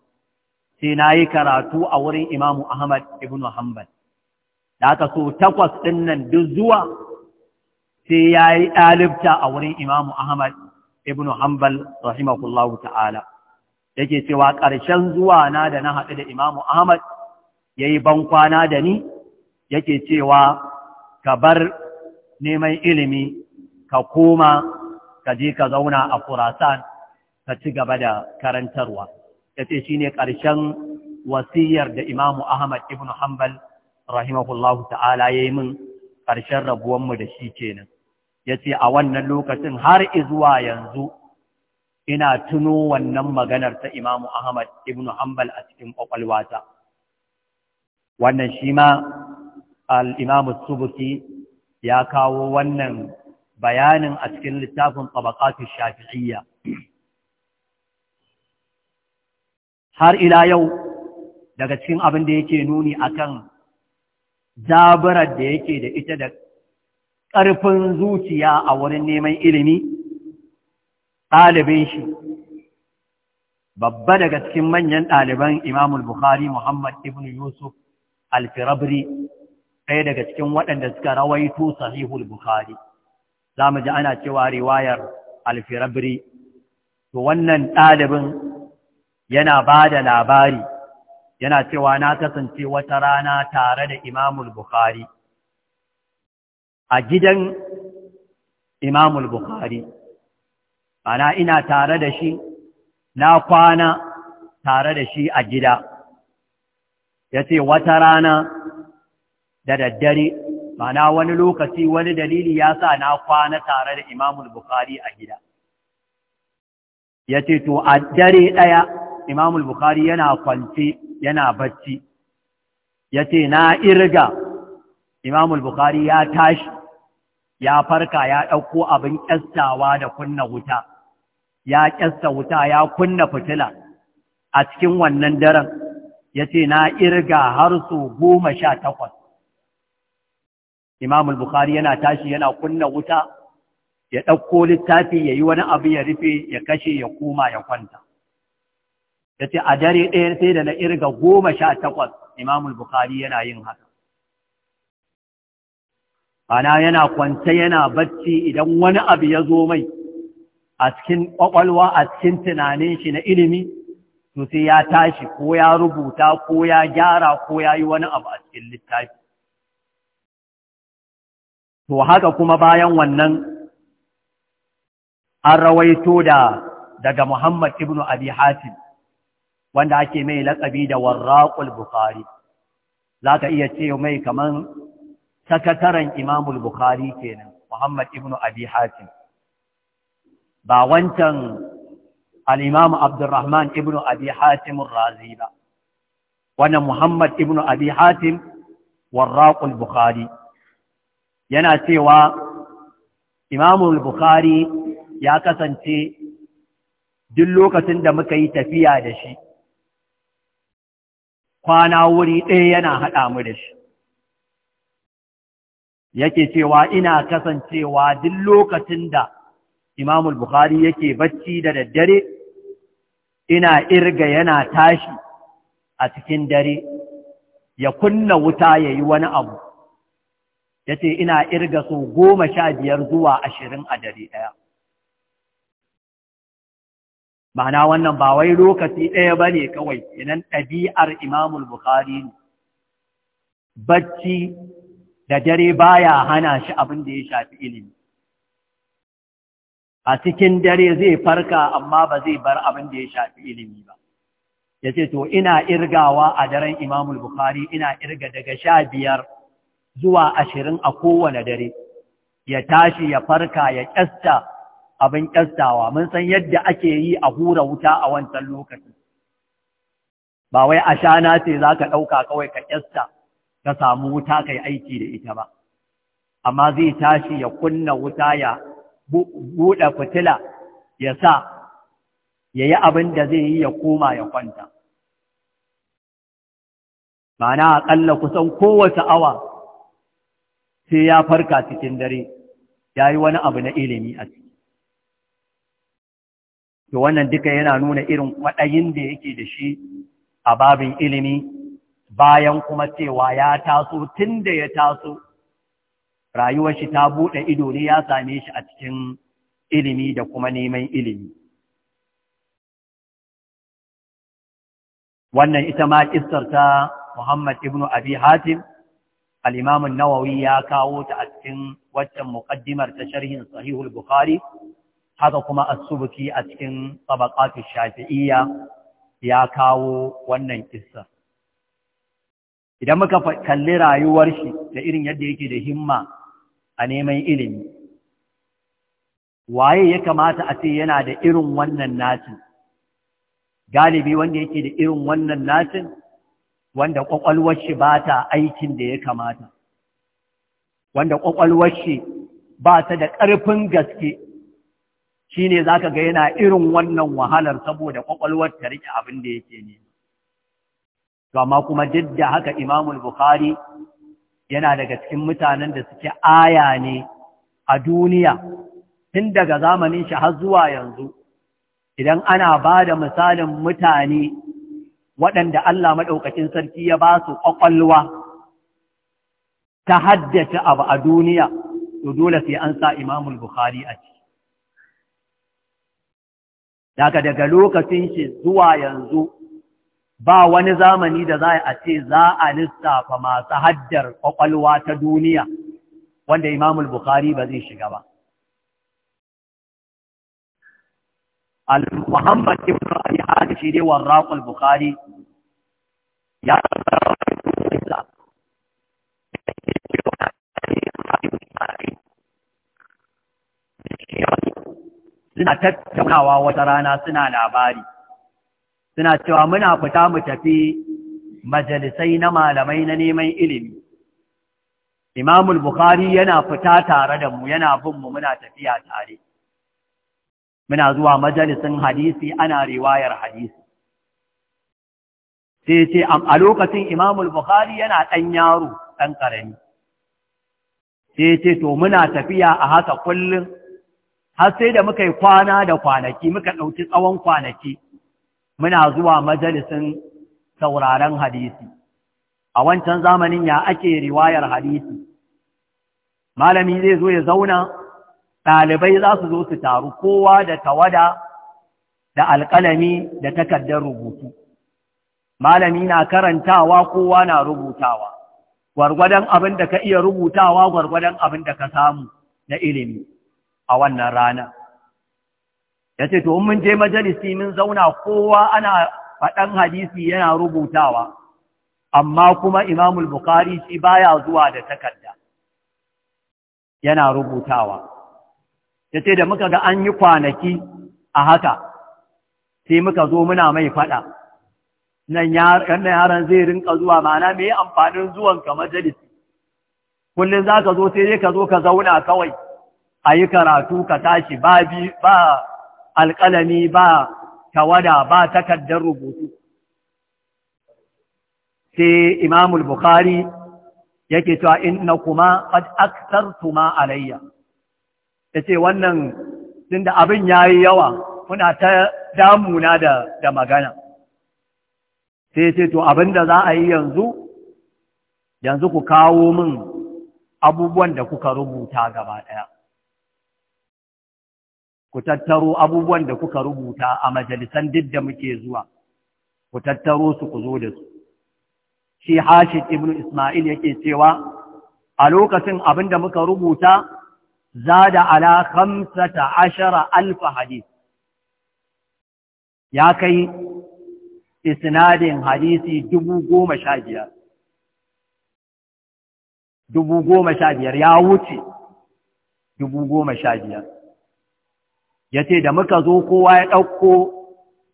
sai na yi karatu a wurin imamu Ahmad ibn Hanbal da aka so takwas ɗin nan duk zuwa sai ya yi ɗalibta a wurin imamu Ahmad ibn Hanbal rahimahullahu ta'ala yake cewa ƙarshen zuwa na da na haɗu da imamu Ahmad ya yi bankwana da ni yake cewa ka bar neman ilimi ka koma ka je ka zauna a furasan ka ci gaba da karantarwa yace shine ƙarshen wasiyar da Imam Ahmad ibn Hanbal rahimahullahu ta'ala yayi min ƙarshen rabuwanmu mu da shi kenan yace a wannan lokacin har izuwa yanzu ina tuno wannan maganar ta Imam Ahmad ibn Hanbal a cikin kwakwalwata wannan shi ma al imamu Subki ya kawo wannan bayanin a cikin littafin tsabakatun shafi'iyya har ila yau daga cikin abin da yake nuni akan zaburar da yake da ita da ƙarfin zuciya a wurin neman ilimi ɗalibin shi babba daga cikin manyan ɗaliban imamul bukhari muhammad ibn yusuf alfirabri ɗaya daga cikin waɗanda suka rawaito sahihul bukhari za mu ji ana cewa riwayar alfirabri to wannan ɗalibin yana ba da labari yana cewa na kasance wata rana tare da imamul bukhari a gidan imamul bukhari ana ina tare da shi na kwana tare da shi a gida ya ce wata rana da daddare mana wani lokaci wani dalili ya sa na kwana tare da imamul Bukhari a gida ya ce to a dare ɗaya imamul Bukhari yana kwance yana bacci ya ce na irga imamul Bukhari ya tashi ya farka ya ɗauko abin ƙyastawa da kunna wuta ya ƙyasta wuta ya kunna fitila a cikin wannan daren ya ce na irga har su goma sha takwas Imam al-Bukhari yana tashi yana kunna wuta ya ɗauko littafi yayi wani abu ya rufe ya kashe ya koma ya kwanta. yace a dare ɗaya sai da na irga goma sha takwas Imam al-Bukhari yana yin haka. Ana yana kwanta, yana bacci idan wani abu ya zo mai a cikin ƙwaƙwalwa a cikin tunanin shi na ilimi to sai ya tashi ko ya rubuta ko ya gyara ko yayi wani abu a cikin littafi. to haka kuma bayan wannan an rawaito da daga Muhammad ibn Abi Hatim wanda ake mai laƙabi da warraqul Bukhari zaka iya ce mai kaman sakataren Imam bukhari kenan Muhammad ibn Abi Hatim ba wancan al-Imam Abdurrahman ibn Abi Hatim ar-Razi ba wannan Muhammad ibn Abi Hatim warraqul Bukhari yana cewa Imamul Bukhari ya kasance duk lokacin da muka yi tafiya da shi, kwana wuri ɗaya yana haɗa mu da shi. Yake cewa ina kasancewa duk lokacin da Imamul Bukhari yake bacci da daddare, ina irga yana tashi a cikin dare, ya kunna wuta ya yi wani abu. Yace ina irga so goma sha biyar zuwa ashirin a dare ɗaya ma'ana wannan ba wai lokaci ɗaya ba ne kawai inan ɗabi'ar imamul bukhari ne bacci da dare baya hana shi abin da ya shafi ilimi a cikin dare zai farka amma ba zai bar abin da ya shafi ilimi ba Yace to ina irgawa a daren imamul bukhari ina irga daga sha biyar zuwa ashirin a kowane dare ya tashi ya farka ya ƙyasta abin ƙyastawa mun san yadda ake yi a hura wuta a wancan lokaci ba wai a na ce za ka ɗauka kawai ka ƙyasta ka samu wuta ka yi aiki da ita ba amma zai tashi ya kunna wuta ya buɗe fitila ya sa ya yi abin da zai yi ya koma ya kwanta ma'ana aƙalla kusan kowace awa sai ya farka cikin dare ya yi wani abu na ilimi a ciki to wannan duka yana nuna irin waɗayin da yake da shi a babin ilimi bayan kuma cewa ya taso tun da ya taso rayuwar shi ta buɗe ido ne ya same shi a cikin ilimi da kuma neman ilimi wannan ita ma ƙistar ta Muhammad ibn Abi Hatim al-Imam an-Nawawi ya kawo ta a cikin waccan muƙaddimar ta sharhin Sahih al haka kuma as-Subki a cikin Tabaqat ash-Shafi'iyya ya kawo wannan kissa idan muka kalli rayuwar shi da irin yadda yake da himma a neman ilimi waye ya kamata a ce yana da irin wannan nacin galibi wanda yake da irin wannan nasin? wanda ƙwaƙwalwar shi ba ta aikin da ya kamata wanda ƙwaƙwalwar shi ba ta da ƙarfin gaske shi ne za ka ga yana irin wannan wahalar saboda ƙwaƙwalwar ta riƙe abin da yake ne to kuma duk da haka imamul bukhari yana daga cikin mutanen da suke aya ne a duniya tun daga zamanin shi har zuwa yanzu idan ana ba da misalin mutane waɗanda Allah maɗaukacin sarki ya ba su ƙwaƙwalwa ta haddace abu a duniya, to dole sai an sa Imamul Bukhari a ciki. Daga daga lokacin shi zuwa yanzu ba wani zamani da za a ce za a lissafa masu haddar ƙwaƙwalwa ta duniya wanda Imamul Bukhari ba zai shiga ba. al-Muhammad ibn Abi Hadid shi Bukhari ya suna tattaunawa wata rana suna labari suna cewa muna fita mu tafi majalisai na malamai na neman ilimi imamul bukhari yana fita tare da mu yana bin mu muna tafiya tare muna zuwa majalisin hadisi ana riwayar hadisi sai ce a lokacin imamul bukhari yana ɗan yaro ɗan ƙarami sai ce to muna tafiya a haka kullum har sai da muka yi kwana da kwanaki muka ɗauki tsawon kwanaki muna zuwa majalisin sauraren hadisi a wancan zamanin ya ake riwayar hadisi malami zai zo ya zauna ɗalibai za su zo su taru kowa da tawada da alƙalami da takardar rubutu malami na karantawa kowa na rubutawa gwargwadon abin da ka iya rubutawa gwargwadon abin da ka samu na ilimi a wannan rana ya ce to mun je majalisi mun zauna kowa ana faɗan hadisi yana rubutawa amma kuma imamul bukari shi baya zuwa da takarda yana rubutawa ya ce da muka ga an yi kwanaki a haka sai muka zo muna mai faɗa nan yaran zai rinka zuwa mana mai amfanin zuwanka majalisi kullum za ka zo sai dai ka zo ka zauna kawai a yi karatu ka tashi ba bi ba tawada ba takardar rubutu sai imamul bukhari yake cewa inna kuma qad ma alayya yace wannan tunda abin yayi yawa kuna ta damuna da da magana sai ce to abin da za a yi yanzu yanzu ku kawo min abubuwan da kuka rubuta gaba ɗaya ku tattaro abubuwan da kuka rubuta a majalisan duk da muke zuwa ku tattaro su ku zo da su shi hashid ibn isma'il yake cewa a lokacin abin da muka rubuta zada ala khamsata ashara alfa hadith ya kai isnadin hadisi dubu goma sha biyar dubu goma sha biyar ya wuce dubu goma sha biyar ya ce da muka zo kowa ya ɗauko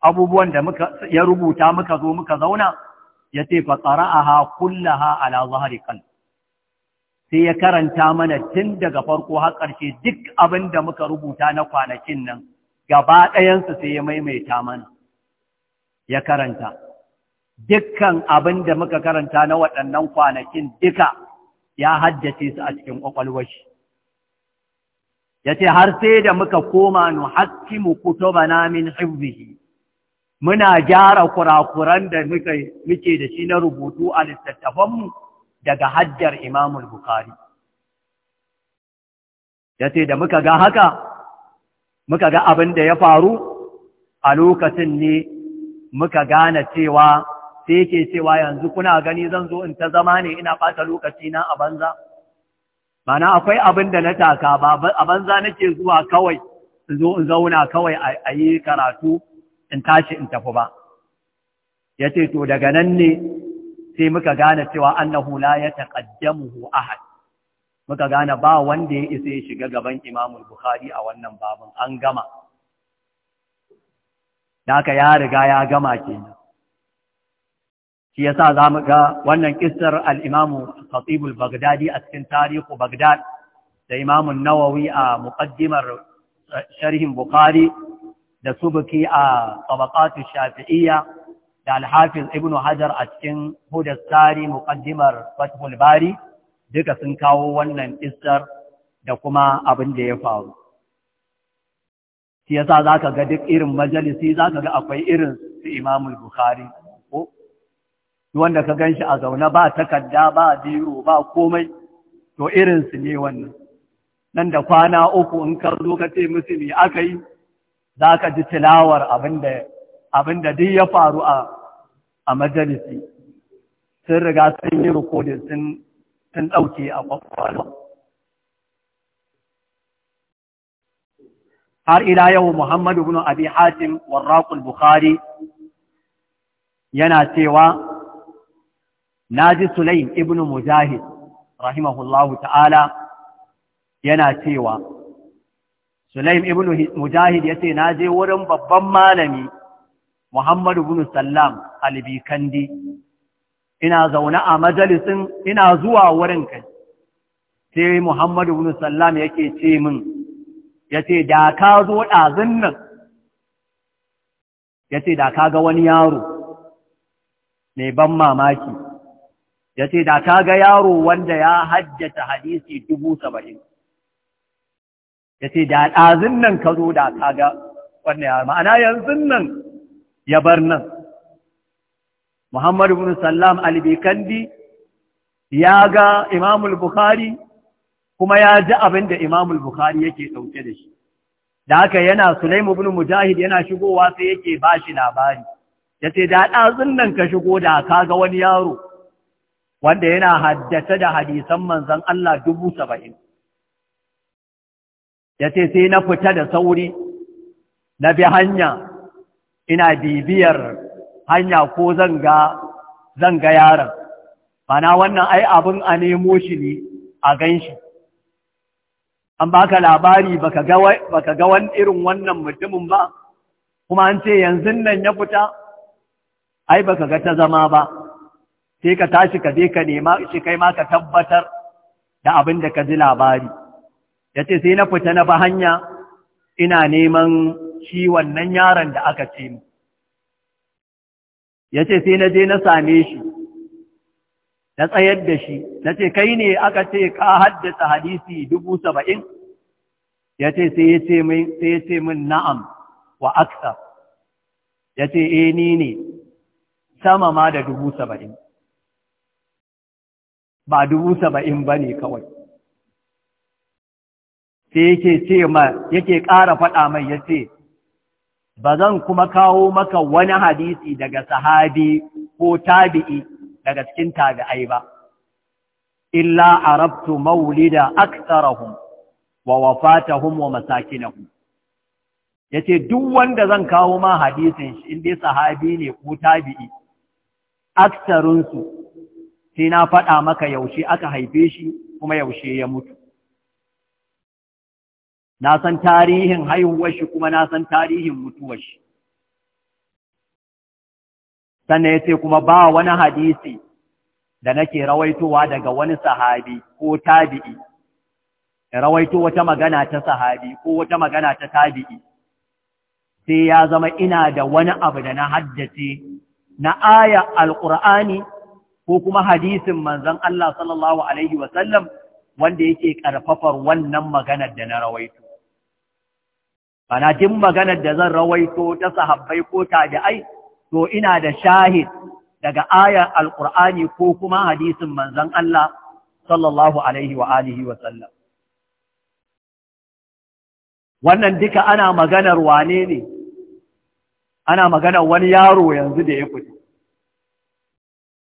abubuwan da muka ya rubuta muka zo muka zauna ya ce fatsara a ha ala zahari kan sai ya karanta mana tun daga farko har ƙarshe duk abin da muka rubuta na kwanakin nan gaba ɗayansu sai ya maimaita mana ya karanta dukkan abin da muka karanta na waɗannan kwanakin duka ya haddace su a cikin ƙwaƙwalwar shi ya ce har sai da muka koma nu haƙƙi mu hakimu kutubana min hibbihi muna gyara kurakuran da muke da shi na rubutu a littattafanmu daga hajjar imamul bukari ya ce da muka ga haka muka ga abin da ya faru a lokacin ne muka gane cewa sai yake cewa yanzu kuna gani zan zo in ta zama ne ina ɓata lokaci na a banza mana akwai abin da na taka ba a banza nake zuwa kawai in zo in zauna kawai a yi karatu in tashi in tafi ba ya ce to daga nan ne sai muka gane cewa annahu la ya taqaddamuhu ahad muka gane ba wanda ya isa ya shiga gaban imamul Bukhari a wannan babin an gama da aka ya riga ya gama kenan shi sa za mu ga wannan kissar al-imamu khatibul bagdadi a cikin tarihu bagdad da imamun nawawi a muƙaddimar eh, sharhin bukhari da Subiki a tabaqatu shafi'iyya da al-hafiz ibnu hajar a cikin hudas tari muqaddimar fathul bari duka sun kawo wannan kissar da kuma abin da ya faru shi yasa za ka ga duk irin majalisi za ka ga akwai irin su imamul bukhari ko wanda ka gan shi a zaune ba takarda ba biyu ba komai to irin ne wannan nan da kwana uku in ka zo ka ce musu me aka yi za ka ji tilawar abin da duk ya faru a majalisi sun riga sun yi rikodin sun ɗauke a kwakwalwa har ila yau Muhammadu bin Abi Hatim warraqul Bukhari yana cewa naji Sulaim ibn Mujahid rahimahullahu ta'ala yana cewa Sulaim ibn Mujahid yace naje wurin babban malami Muhammadu bin Sallam al-Bikandi ina zauna a majalisin ina zuwa wurin kai sai Muhammad ibn Sallam yake ce min ya ce da ka zo ɗazin nan ya ce da ka ga wani yaro mai ban mamaki ya ce da ka ga yaro wanda ya hajjata hadisi dubu saba'in ya ce da ɗazin nan ka zo da ka ga wannan yaro ma'ana yanzu nan ya bar nan Muhammadu bin Sallam ya ga Imamul bukhari kuma ya ji abin da imamul Bukhari yake dauke da shi da haka yana sulaimu bin Mujahid yana shigowa sai yake ba shi labari yace da ɗazun nan ka shigo da ka ga wani yaro wanda yana haddace da hadisan manzan Allah dubu saba'in. Ya ce sai na fita da sauri na bi hanya ina bibiyar hanya ko zanga zanga yaron bana wannan ai abin a nemo shi ne a gan shi. an baka labari baka ga ga wani irin wannan mutumin ba kuma an ce yanzu nan ya fita ai baka ga ta zama ba sai ka tashi ka je ka nema shi kai ma ka tabbatar da abin da ka ji labari Ya ce sai na fita na ba hanya ina neman shi wannan yaron da aka ce mu ce sai na je na same shi na tsayar da shi na ce kai ne aka ce ka haddasa hadisi dubu saba'in ya ce sai ya ce min na'am wa aksa. ya ce e ni ne sama ma da dubu saba'in ba dubu saba'in ba ne kawai sai yake ce ma yake ƙara faɗa mai ya ce ba zan kuma kawo maka wani hadisi daga sahabi ko tabi'i daga cikin tabi'ai ba illa arabtu maulida aktsarahum wa wafatahum wa masakinahum yace duk wanda zan kawo ma hadisin shi in dai sahabi ne ko tabi'i Aksarinsu. sai na faɗa maka yaushe aka haife shi kuma yaushe ya mutu na san tarihin haihuwar shi kuma na san tarihin mutuwar shi sannan ya ce kuma ba wani hadisi da nake rawaitowa daga wani sahabi ko tabi'i rawaito wata magana ta sahabi ko wata magana ta tabi'i sai ya zama ina da wani abu da na haddace na aya alqur'ani ko kuma hadisin manzon Allah sallallahu alaihi wasallam wanda yake karfafar wannan maganar da na rawaito bana din maganar da zan rawaito ta sahabbai ko tabi'ai to ina da shahid daga ayar alƙur'ani ko kuma hadisin manzan Allah sallallahu alaihi wa alihi wa sallam. Wannan duka ana maganar wane ne, ana maganar wani yaro yanzu da ya fita,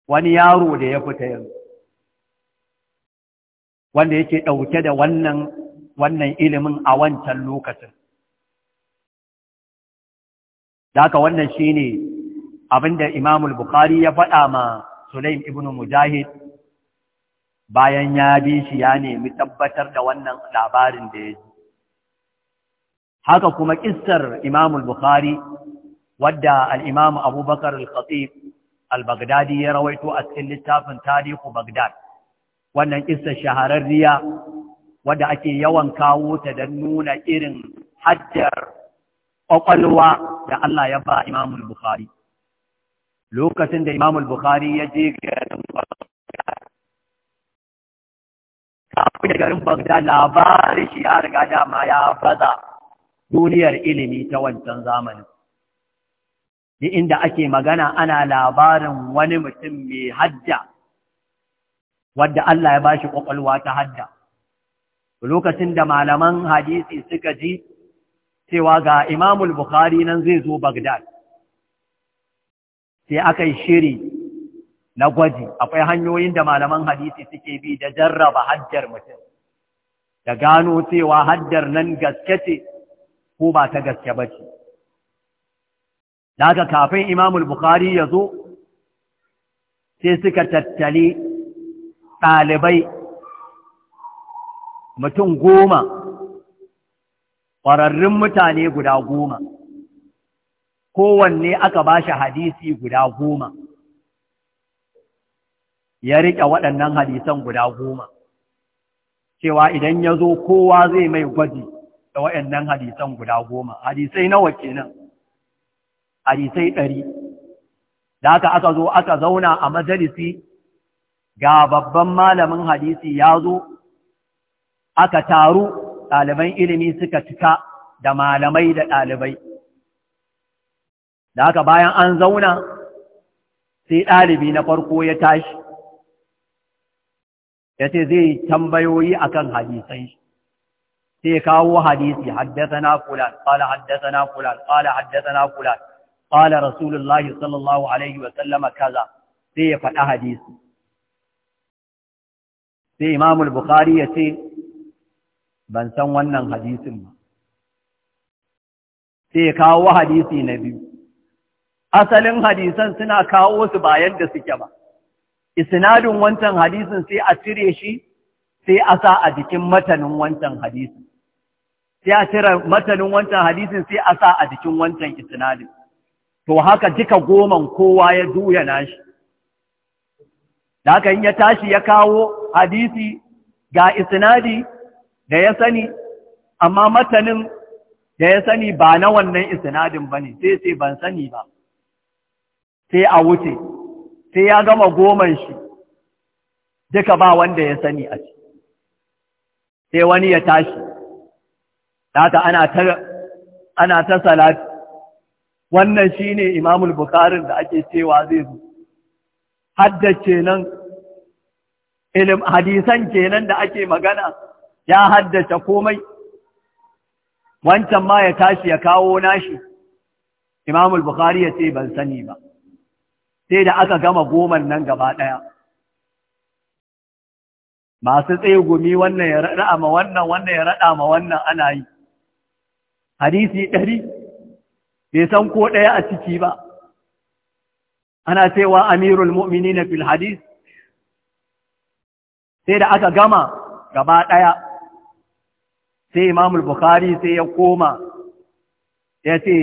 wani yaro da ya fita yanzu, wanda yake ɗauke da wannan wannan ilimin a wancan lokacin. Da wannan shi ne abinda da Imamul bukhari ya faɗa ma Sulaim ibn Mujahid bayan ya bi shi ya nemi tabbatar da wannan labarin da ya ji haka kuma kissar Imamul al-Bukhari wadda Al'imamu Abubakar al-Khatib al-Baghdadi ya rawaito a cikin littafin Tarihu Baghdad wannan kissar shahararriya wadda ake yawan kawo ta don nuna irin hajjar ƙwaƙwalwa da Allah ya ba imamul al-Bukhari lokacin da Imam al-Bukhari ya je Kafin da garin Baghdad labarin shi ya riga dama ya faza duniyar ilimi ta wancan zamanin. Ni inda ake magana ana labarin wani mutum mai hadda, wadda Allah ya bashi kwakwalwa ta hadda. Lokacin da malaman hadisi suka ji cewa ga Imamul Bukhari nan zai zo Bagdad. sai aka yi shiri na gwaji akwai hanyoyin da malaman hadisi suke bi da jarraba haddar mutum da gano cewa haddar nan gaske ce ko ba ta gaske ba ce daga kafin imamul bukhari ya zo sai suka tattali ɗalibai mutum goma ƙwararrun mutane guda goma kowanne aka ba shi hadisi guda goma ya riƙe waɗannan hadisan guda goma cewa idan ya zo kowa zai mai gwaji da waɗannan hadisan guda goma hadisai nawa kenan hadisai ɗari da aka aka zo aka zauna a majalisi ga babban malamin hadisi ya zo aka taru ɗaliban ilimi suka cika da malamai da ɗalibai da haka bayan an zauna sai ɗalibi na farko ya tashi ya ce zai tambayoyi akan hadisai sai kawo hadisi haddasa haddasana haddasa na haddasana fulan haddasa na fulan qala rasulullahi sallallahu alaihi wa sallama kaza sai ya faɗa hadisi sai Imamul al-bukhari ya ce ban san wannan hadisin ba sai kawo hadisi na biyu asalin hadisan suna kawo su bayan da suke ba isnadin wancan hadisin sai a cire shi sai a sa a jikin matanin wancan hadisin sai a cire matanin wancan hadisin sai a sa a jikin wancan isnadin to haka duka goman kowa ya duya nashi da in ya tashi ya kawo hadisi ga isinadi da ya sani amma matanin da ya sani ba na wannan ba ne, sai sai ban sani ba sai a wuce sai ya gama goman shi duka ba wanda ya sani a ci sai wani ya tashi ta ana ta salati wannan shine imamul bukhari da ake cewa zai zo haddace nan ilim hadisan kenan da ake magana ya haddace komai wancan ma ya tashi ya kawo nashi imamul bukhari ya ce ban sani ba sai da aka gama goman nan gaba ɗaya masu tsaye gumi wannan ya raɗa ma wannan wannan ya raɗa ma wannan ana yi hadisi ɗari bai san ko ɗaya a ciki ba ana cewa amirul mu'mini na fil hadis sai da aka gama gaba ɗaya sai imamul bukhari sai ya koma ya ce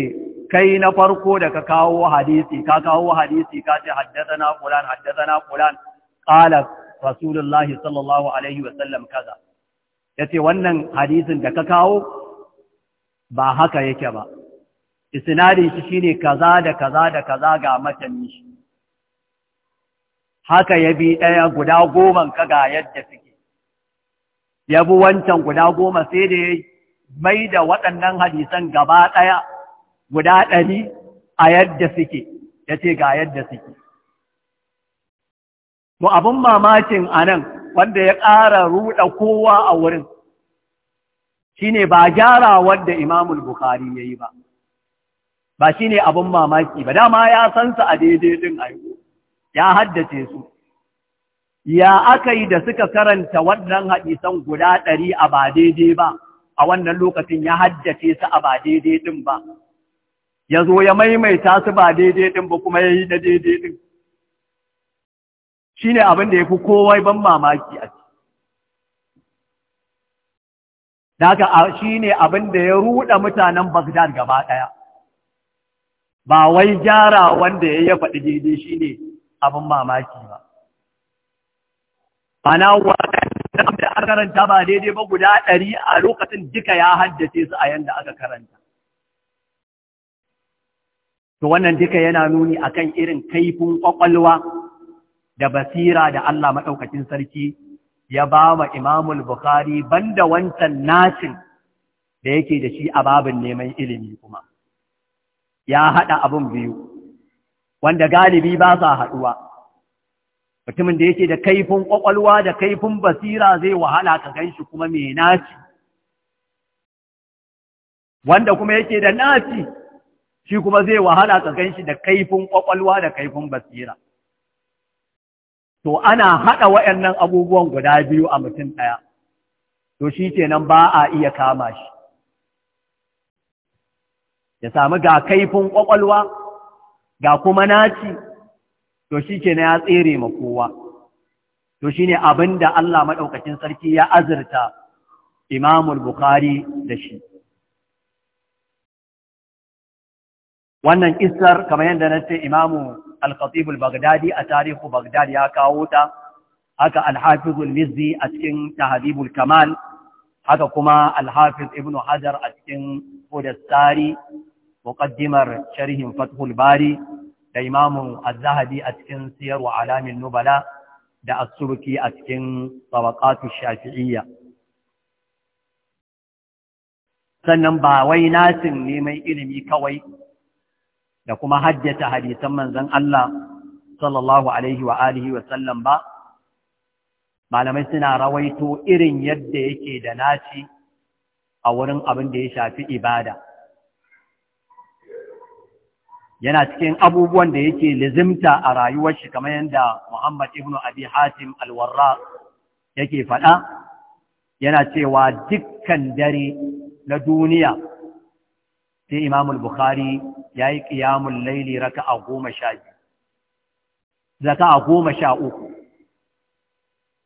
kai na farko da ka kawo hadisi ka kawo hadisi ka ce haddathana fulan haddathana fulan qala rasulullah sallallahu alaihi wasallam kaza yace wannan hadisin da ka kawo ba haka yake ba isnadin shi shine kaza da kaza da kaza ga matanin shi haka ya bi ɗaya guda goma ka ga yadda suke ya bi wancan guda goma sai da ya mai da waɗannan hadisan gaba ɗaya guda ɗari a yadda suke ya ce ga yadda suke Mu abin mamakin a nan wanda ya ƙara ruɗa kowa a wurin shine ba gyara wadda imamul bukhari ya yi ba ba shine abin mamaki ba dama ya san su a daidai ɗin aiko ya haddace su ya aka yi da suka karanta wannan hadisan guda ɗari a ba daidai ba a wannan lokacin ya haddace su a ba daidai din ba ya zo ya maimaita su ba daidai ɗin ba kuma ya yi na daidai ɗin shi ne abin da ya fi kowai ban mamaki a ciki daga shi ne abin da ya ruɗa mutanen bagdad gaba ɗaya ba wai gyara wanda ya yi faɗi daidai shi ne abin mamaki ba ana waɗanda da aka karanta ba daidai ba guda ɗari a lokacin duka ya haddace su a yanda aka karanta to wannan duka yana nuni akan irin kaifin kwakwalwa da basira da Allah maɗaukacin sarki ya ba wa Imamul Bukhari banda wancan nasin da yake da shi a babin neman ilimi kuma ya haɗa abin biyu wanda galibi ba sa haɗuwa mutumin da yake da kaifin kwakwalwa da kaifin basira zai wahala ka ganshi kuma mai nasi wanda kuma yake da nasi shi kuma zai wahala ka gan shi da kaifin kwakwalwa da kaifin basira. To, ana haɗa waɗannan abubuwan guda biyu a mutum ɗaya, to shi kenan ba a iya kama shi. Ya sami ga kaifin kwakwalwa, ga kuma naci, to shi kenan ya tsere ma kowa. To shi ne abin da Allah Maɗaukacin Sarki ya azurta Imamul Bukhari da shi. wannan isar kamar yadda na ce imamu al-khatib a tarihu bagdad ya kawo ta haka al mizzi a cikin tahdhibul kamal haka kuma Alhafiz ibnu hajar a cikin Fudus-tsari, muqaddimar sharhin fathul bari da imamu az a cikin Siyarwa alamin nubala da as a cikin tabaqatu shafi'iyya sannan ba wai nasin neman ilimi kawai da kuma haddata hadisan manzon Allah sallallahu alaihi wa alihi wa sallam ba malamai suna rawaito irin yadda yake da naci a wurin abin da ya shafi ibada yana cikin abubuwan da yake lizimta a rayuwar shi kamar yadda Muhammad ibn Abi Hatim al-Warra yake faɗa yana cewa dukkan dare na duniya sai imamul bukhari ya yi ƙiyamun laili raka a goma sha biyu, zaka a goma sha uku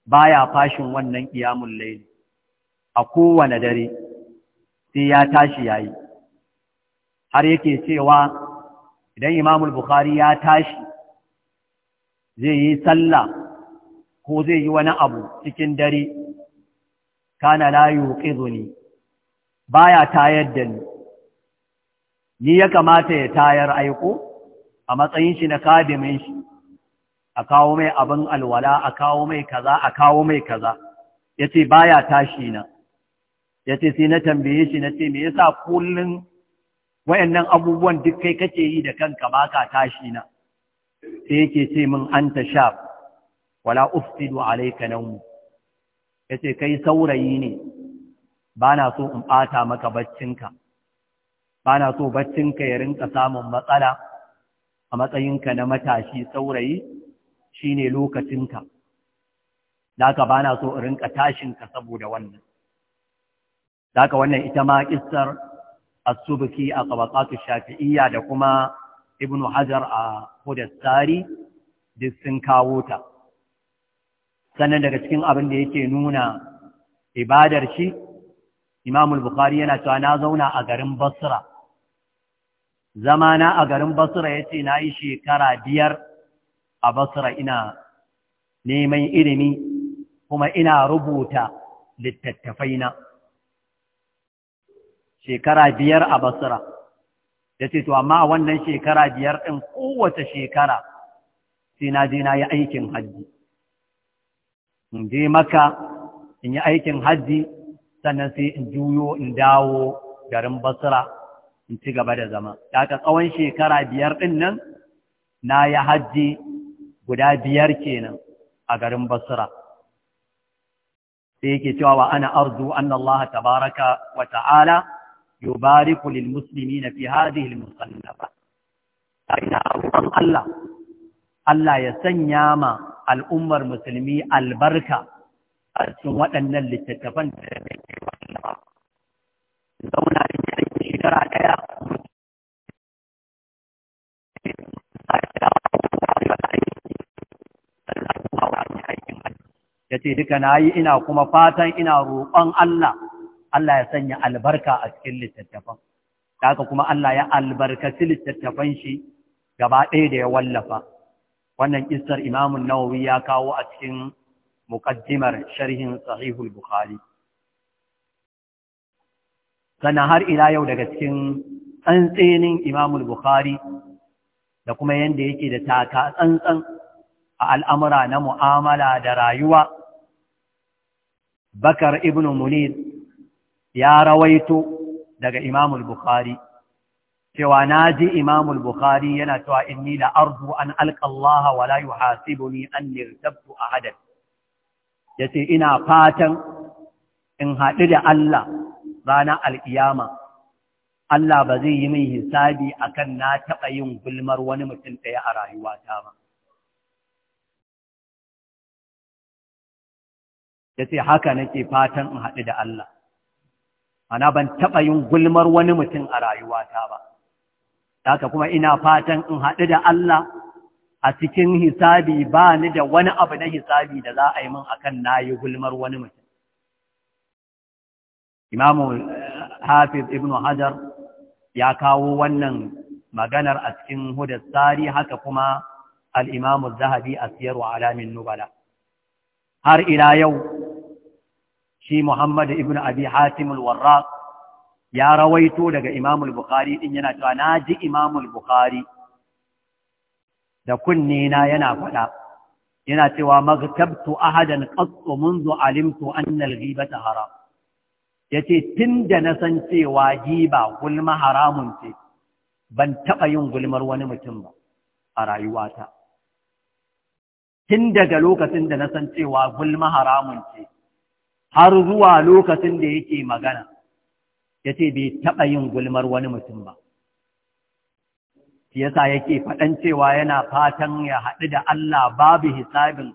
ba ya fashin wannan ƙiyamun laili a kowane dare sai ya tashi ya yi har yake cewa idan imamul bukhari ya tashi zai yi sallah ko zai yi wani abu cikin dare kana ne Ba ya tayar da ni ni ya kamata ya tayar aiko a matsayin shi na kadimin shi a kawo mai abin alwala a kawo mai kaza a kawo mai kaza yace baya tashi na yace sai na tambaye shi na ce me yasa kullun wayannan abubuwan duk kai kake yi da kanka baka tashi na sai yake ce min anta shab wala ufsidu alayka nawm yace kai saurayi ne bana so in bata maka baccinka ba na so baccinka ya rinka samun matsala a matsayinka na matashi saurayi shi ne lokacinka ka ba na so in rinka tashinka saboda wannan ka wannan ita ma ƙistar asubuki a tsabakatu shafi'iyya da kuma ibn hajar a hudastari duk sun kawo ta sannan daga cikin abin da yake nuna ibadar shi imamul bukhari yana cewa na zauna a garin basra zamana a garin basura ya ce na yi shekara biyar a basura ina neman ilimi kuma ina rubuta littattafaina shekara biyar a basura ya ce to amma wannan shekara biyar ɗin kowace shekara sai na je na yi aikin hajji in je maka in yi aikin hajji sannan sai in juyo in dawo garin basura in ci gaba da zama daga tsawon shekara biyar ɗin nan na yi hajji guda biyar kenan a garin basra sai yake cewa wa ana arzu an Allah tabaraka wa ta'ala yubariku lil na fi hadhihi al musannafa ina roƙon Allah Allah ya sanya ma al'ummar musulmi albarka a cikin waɗannan littattafan da ya zauna shekara ɗaya ya ce duka na yi ina kuma fatan ina roƙon Allah Allah ya sanya albarka a cikin littattafan haka kuma Allah ya albarkaci littattafan shi gaba ɗaya da ya wallafa wannan kissar imamun nawawi ya kawo a cikin muƙaddimar sharhin sahihul bukhari Sana har ila yau daga cikin tsantsenin imamul bukhari da kuma yadda yake da taka tsantsan a al'amura na mu'amala da rayuwa bakar ibn munir ya rawaito daga imamul bukhari cewa na ji imamul bukhari yana cewa inni la arzu an alƙallaha wa la ni an nirtabtu ya ce ina fatan in haɗu da Allah ranar al'iyama Allah ba zai yi min hisabi akan na taɓa yin gulmar wani mutum ɗaya a rayuwata ba. Ya haka nake fatan in haɗu da Allah, ana ban taɓa yin gulmar wani mutum a rayuwata ba. Haka kuma ina fatan in haɗu da Allah a cikin hisabi ba ni da wani abu na hisabi da za a yi min akan na yi gulmar wani mutum. imamu hafiz ibn hajar ya kawo wannan maganar a cikin hudar tsari haka kuma al'imamu zahabi a siyarwa wa alamin nubala har ila yau shi muhammad ibn abi hatim ya rawaito daga imamul bukhari din yana cewa na ji imamul bukhari da kunne na yana faɗa yana cewa magtabtu ahadan qattu منذ alimtu anna al-ghibata haram ya ce tun da na san cewa giba gulma haramun ce ban taɓa yin gulmar wani mutum ba a rayuwata tun daga lokacin da na san cewa gulma haramun ce har zuwa lokacin da yake magana ya ce bai taɓa yin gulmar wani mutum ba yasa yake faɗan cewa yana fatan ya haɗu da Allah babu hisabin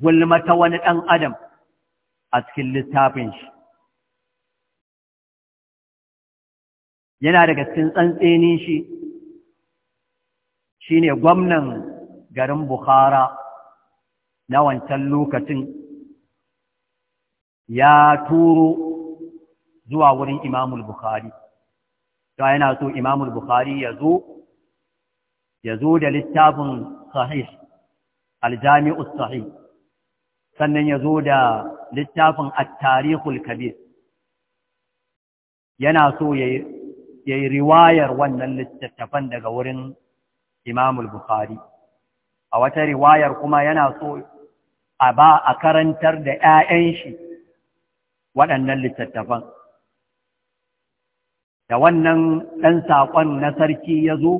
gulma ta wani ɗan adam a cikin littafin shi yana daga cikin tsantsenin shi shine gwamnan garin Bukhara na wancan lokacin ya turo zuwa wurin Imamul Bukhari ta yana so Imamul Bukhari ya zo ya zo da littafin sahih aljami'us sahih sannan ya zo da littafin at kabir yana so ya ya yi riwayar wannan littattafan daga wurin imamul bukhari a wata riwayar kuma yana so a ba a karantar da 'ya'yan shi waɗannan littattafan da wannan ɗan saƙon na sarki ya zo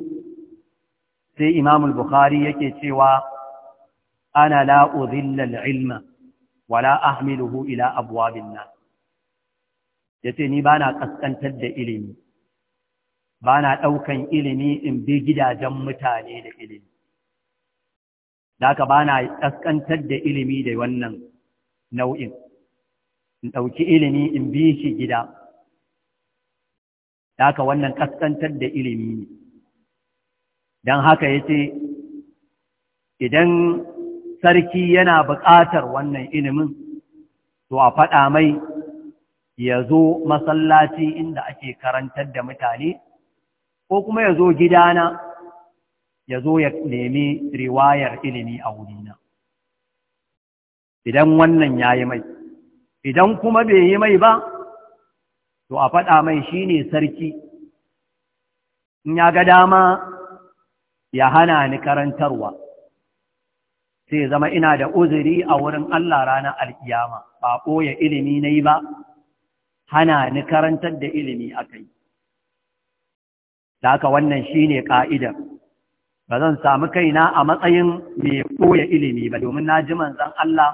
sai imamul bukhari yake cewa ana la'uzillal ilma wala ahmiluhu ila abuwa binna ya ce ni ba na ƙasƙantar da ilimi ba na ɗaukan ilimi in bi gidajen mutane da ilimi da aka ba na ƙasƙantar da ilimi da wannan nau'in in ɗauki ilimi in bi shi gida da aka wannan ƙasƙantar da ilimi ne don haka ya ce idan sarki yana buƙatar wannan ilimin to a faɗa mai ya zo masallaci inda ake karantar da mutane ko kuma ya zo gidana ya zo ya nemi riwayar ilimi a wurina idan wannan ya yi mai idan kuma bai yi mai ba to a faɗa mai shi ne sarki in ya ga dama ya hana ni karantarwa sai zama ina da uzuri a wurin Allah rana alkiyama ba ɓoye ilimi na yi ba hana ni karantar da ilimi a kai da haka wannan shine ƙa'idar ba zan samu kaina a matsayin mai koya ilimi ba domin na ji manzon Allah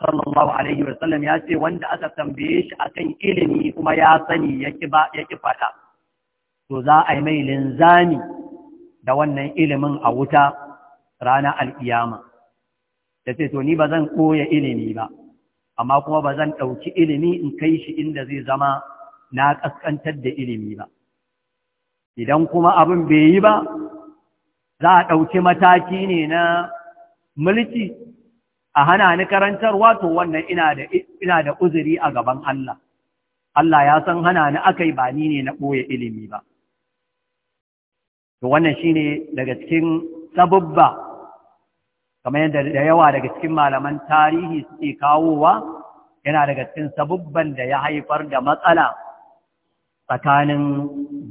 sallallahu alaihi wasallam ya ce wanda aka tambaye shi akan ilimi kuma ya sani ya ƙi yaki fata to za a yi mai linzami da wannan ilimin a wuta rana alkiyama yace to ni ba zan koya ilimi ba amma kuma ba zan ɗauki ilimi in kai shi inda zai zama na ƙasƙantar da ilimi ba idan kuma abin bai yi ba za a ɗauki mataki ne na mulki a hana ni karantarwa to wannan ina da uzuri a gaban Allah Allah ya san hana ni akai ba ni ne na ɓoye ilimi ba to wannan shi ne daga cikin sababba kamar yadda da yawa daga cikin malaman tarihi suke kawowa yana daga cikin sabubban da ya haifar da matsala tsakanin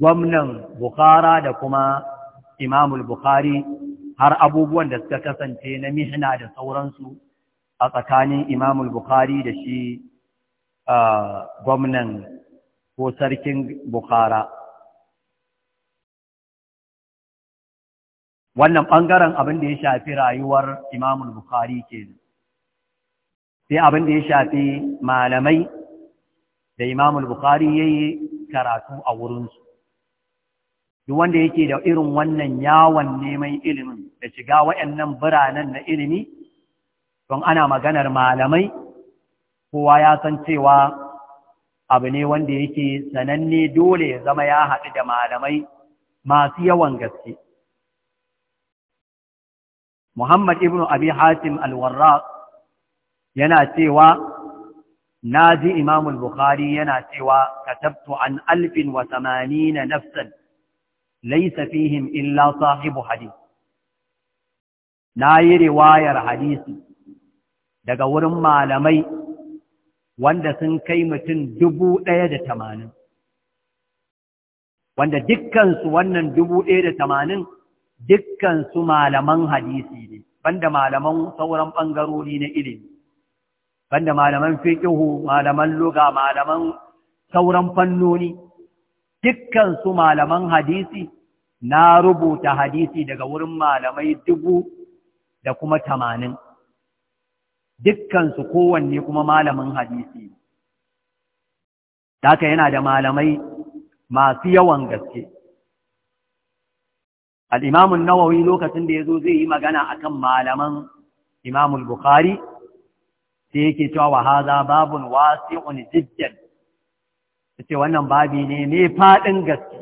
gwamnan Bukhara da kuma Imamul Bukhari har abubuwan da suka kasance na mihna da sauransu a tsakanin Imamul Bukhari da shi gwamnan ko sarkin Bukhara. Wannan ɓangaren abin da ya shafi rayuwar Imamul Bukhari kenan. Sai abin da ya shafi malamai da Imamul Bukhari ya yi karatu a wurinsu duk wanda yake da irin wannan yawon neman ilimin da shiga waɗannan biranen na ilimi don ana maganar malamai kowa ya san cewa abu ne wanda yake sananne dole ya zama ya haɗu da malamai masu yawan gaske Muhammad ibn Abi Hatim al-Warraq yana cewa na ji imamul bukhari yana cewa katabtu an alfin wa tamanina nafsan laisa fihim illa sahibu hadith na riwayar hadisi daga wurin malamai wanda sun kai mutum dubu ɗaya da tamanin wanda wannan dubu ɗaya da tamanin malaman hadisi ne banda malaman sauran ɓangarori na ilimi banda malaman fiqihu malaman lugha malaman sauran fannoni dukkan su malaman hadisi na rubuta hadisi daga wurin malamai dubu da kuma tamanin dukkansu kowanne kuma malamin hadisi haka yana da malamai masu yawan gaske al'imamun nawawi lokacin da ya zo zai yi magana akan malaman imamul bukhari sai yake cewa wa haza babun wasi'un jiddan yace wannan babi ne ne fadin gaske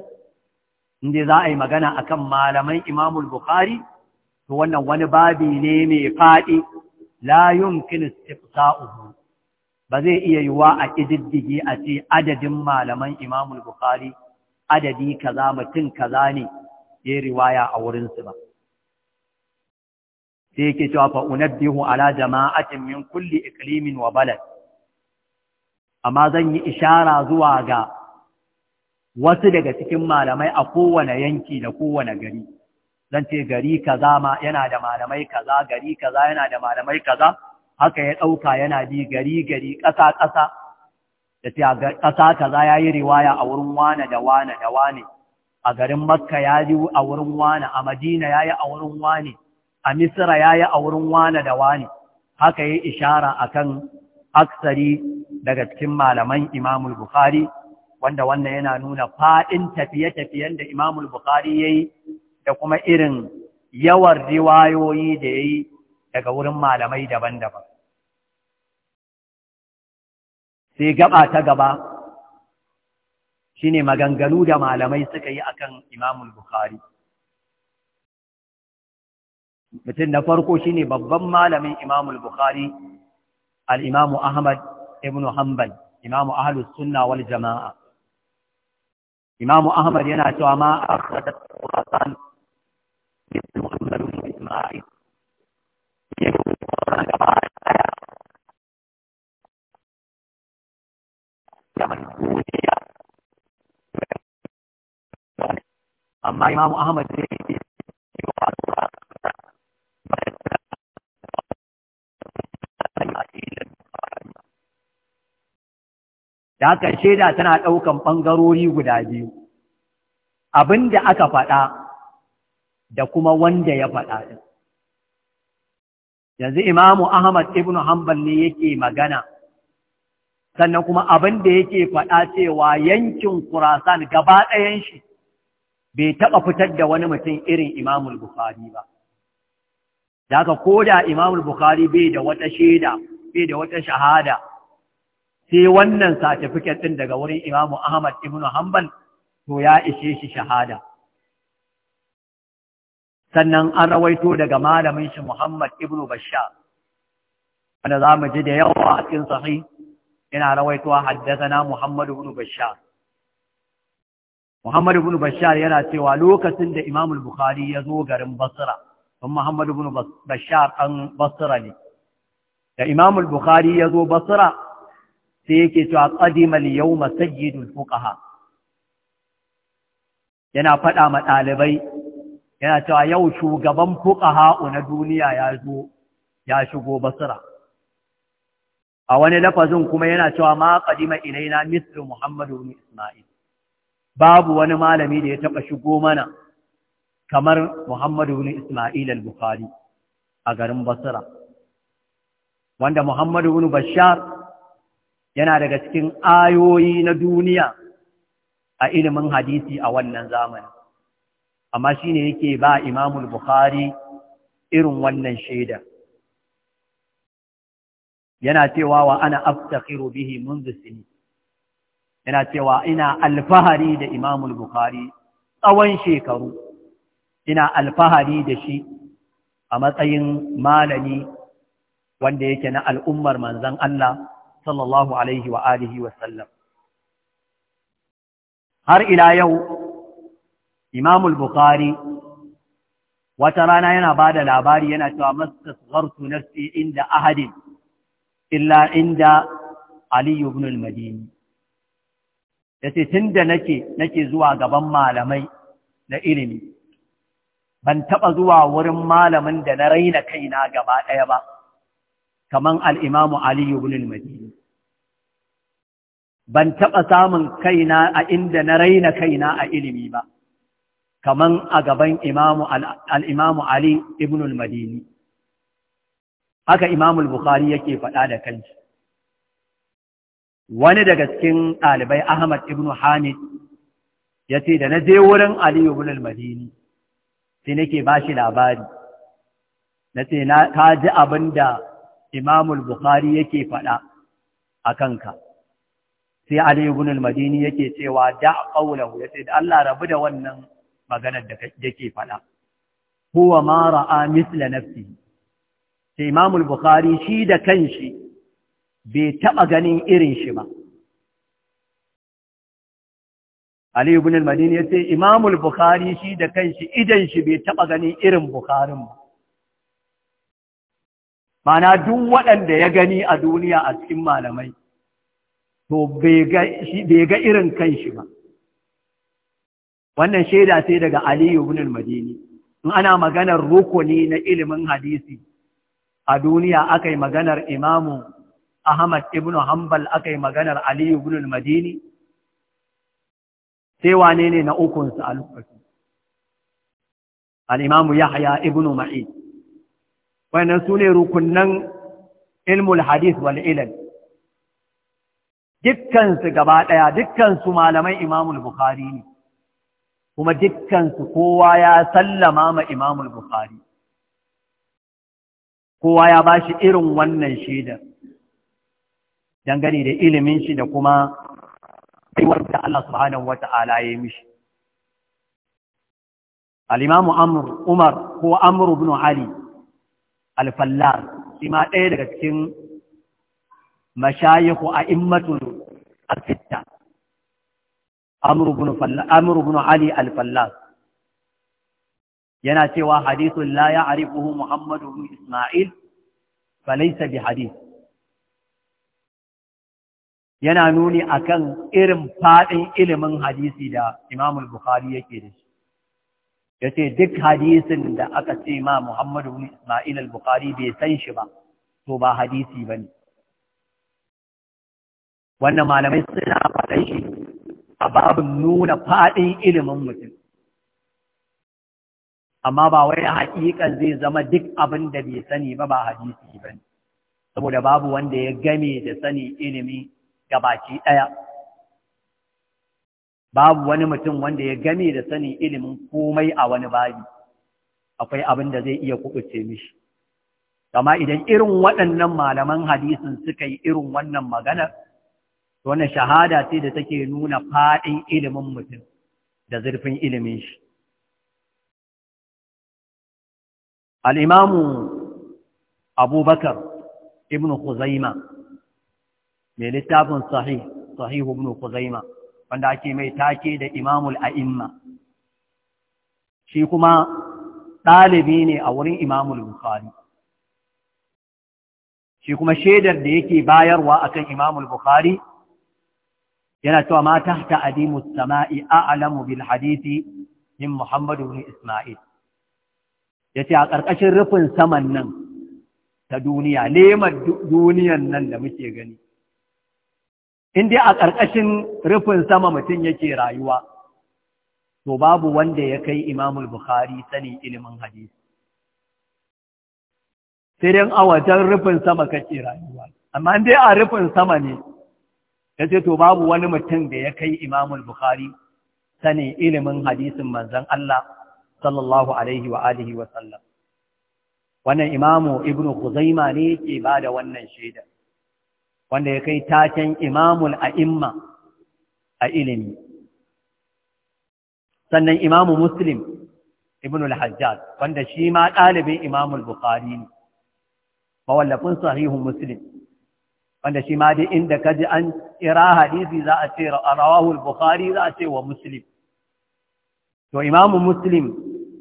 inda za a yi magana akan malaman Imam al-Bukhari to wannan wani babi ne mai fadi la yumkin istifsa'uhu ba zai iya yiwa a kididdige a ce adadin malaman Imam al-Bukhari adadi kaza mutum kaza ne yayin riwaya a wurin su ba sai yake cewa fa unabbihu ala jama'atin min kulli iklimin wa balad amma zan yi ishara zuwa ga wasu daga cikin malamai a kowane yanki da kowane gari zan ce gari kaza ma yana da malamai kaza gari kaza yana da malamai kaza haka ya ɗauka yana bi gari gari ƙasa ƙasa da ce ƙasa kaza ya yi riwaya a wurin wane da wane da wane a garin makka ya yi a wurin wane a madina ya yi a wurin wane a Misira ya yi a wurin wane da wane haka yi ishara akan aksari daga cikin malaman imamul bukhari wanda wannan yana nuna faɗin tafiye-tafiyen da imamul bukhari ya yi da kuma irin yawan riwayoyi da ya yi daga wurin malamai daban-daban sai gaba ta gaba shine maganganu da malamai suka yi akan imamul bukhari mutum na farko shine babban malamin Imam al-Bukhari al-Imam Ahmad ibn Hanbal Imam Ahlus Sunna wal Jama'a Imam Ahmad yana cewa ma akhradat Qur'an Muhammad ibn Isma'il amma Imam Ahmad ne da haka shaida tana ɗaukan ɓangarori guda biyu abin da aka faɗa da kuma wanda ya faɗa ɗin yanzu imamu ahmad ibn hanbal ne yake magana sannan kuma abin da yake faɗa cewa yankin kurasan gaba ɗayan shi bai taɓa fitar da wani mutum irin imamul bukhari ba da haka ko da imamul bukhari bai da wata shaida bai da wata shahada sai wannan certificate ɗin daga wurin Imam Ahmad ibn Hanbal to ya ishe shi shahada sannan an rawaito daga malamin shi Muhammad ibn Bashar wanda za mu ji da yawa a cikin sahi yana haddasa na Muhammad ibn Bashar Muhammad ibn Bashar yana cewa lokacin da Imam bukhari ya zo garin Basra, don Muhammad ibn Bashar an Basra ne. Da Imam bukhari ya zo Basra, sai yake cewa ƙadimal yauma sayyidul fukaha, yana faɗa ma ɗalibai yana cewa yau shugaban fukaha na duniya ya zo ya shigo basira a wani lafazin kuma yana cewa ma qadima ilaina mislu muhammadu ibn isma'il babu wani malami da ya taɓa shigo mana kamar muhammadu ibn isma'il al-bukhari a garin basira wanda muhammadu ibn bashar yana daga cikin ayoyi na duniya a ilimin hadisi a wannan zamani amma shi ne yake ba Imamul Bukhari irin wannan shaida yana cewa wa ana aftakhiru bihi منذ سنين yana cewa ina alfahari da Imamul Bukhari tsawon shekaru ina alfahari da shi a matsayin malami wanda yake na al'ummar manzon Allah sallallahu alaihi wa wa sallam har ila yau Imamul bukhari wata rana yana bada labari yana cewa mastasghartu nafsi inda ahadin illa inda yace tunda nake nake zuwa gaban malamai na ilimi ban taba zuwa wurin malamin da na raina kaina gaba daya ba kaman al-Imam Ali ibn al-Madini ban taɓa samun kaina a inda na raina kaina a ilimi ba kaman a gaban al'imamu Ali ibn al-Madini haka imamul Bukhari yake faɗa da kanci wani daga cikin ɗalibai Ahmad ibn Hamid ya ce da na je wurin Ali ibn madini sai nake ba shi labari na ce ka ji abin da imamul Bukhari yake faɗa a kanka sai Ali ibn al-Madini yake cewa da qawlahu yace da Allah rabu da wannan maganar da yake fada huwa ma ra'a mithla nafsi sai Imam al-Bukhari shi da kanshi bai taba ganin irin shi ba Ali ibn al-Madini yace Imam al-Bukhari shi da kanshi idan shi bai taba ganin irin Bukhari ba mana duk waɗanda ya gani a duniya a cikin malamai to bai ga irin shi ba wannan shaida sai daga aliyu ibn madini in ana maganar rukuni na ilimin hadisi a duniya akai maganar imamu ahmad ibn hanbal akai maganar aliyu ibn madini sai wane ne na ukunsa a lokacin. al-imamu yahya ibn ma'i wannan sune rukunan ilmul hadis wal ilal dukkansu gaba ɗaya dukkansu malamai imamul bukhari ne kuma dukkansu kowa ya sallama ma imamul bukhari kowa ya ba shi irin wannan shaidar dangane da ilimin shi da kuma aiwar da Allah subhanahu Ta'ala ya mishi al umar ko amr ibn ali al-fallar shi ma ɗaya daga cikin mashayikhu a sitta a ibn fallas amru ali al-fallas yana cewa hadisin la ya'rifuhu muhammadu ibn isma'il falaysa bi hadith yana nuni akan irin fadin ilimin hadisi da imamul bukhari yake da shi yace duk hadisin da aka ce ma muhammadu ibn isma'il al-bukhari bai san shi ba to ba hadisi ba ne. wannan malamai suna faɗin shi a babin nuna faɗin ilimin mutum amma ba wai haƙiƙan zai zama duk abin da bai sani ba ba hadisi ba ne saboda babu wanda ya game da sani ilimi baki ɗaya babu wani mutum wanda ya game da sani ilimin komai a wani babi akwai abin da zai iya kuɓuce mishi amma idan irin waɗannan malaman hadisin suka yi irin wannan maganar wannan shahada ce da take nuna faɗin ilimin mutum da zurfin ilimin shi al'imamu abubakar ibn Khuzaima mai littafin sahih sahih ibn Khuzaima wanda ake mai take da imamul a'imma shi kuma ɗalibi ne a wurin imamul bukhari shi kuma shaidar da yake bayarwa akan imamul bukhari yana cewa ma ta adimu sama'i a'lamu bil hadisi min Muhammadu ibn Isma'il yace a ƙarƙashin rufin saman nan ta duniya lemar duniyan nan da muke gani in dai a ƙarƙashin rufin sama mutum yake rayuwa to babu wanda ya kai Imamul Bukhari sani ilimin hadisi sai dai a rufin sama kake rayuwa amma in a rufin sama ne ya ce to babu wani mutum da ya kai imamul bukhari sanin ilimin hadisin manzan Allah sallallahu alaihi wa alihi wa sallam wannan imamu ibn Khuzaima ne ke ba da wannan shaida wanda ya kai taken imamul a'imma a ilimi sannan imamu muslim ibn al-hajjaj wanda shi ma ɗalibin imamul bukhari ne mawallafin sahihun muslim wanda shi ma dai inda ka ji an ira hadisi za a ce rawahul bukhari za a ce wa muslim to imamu muslim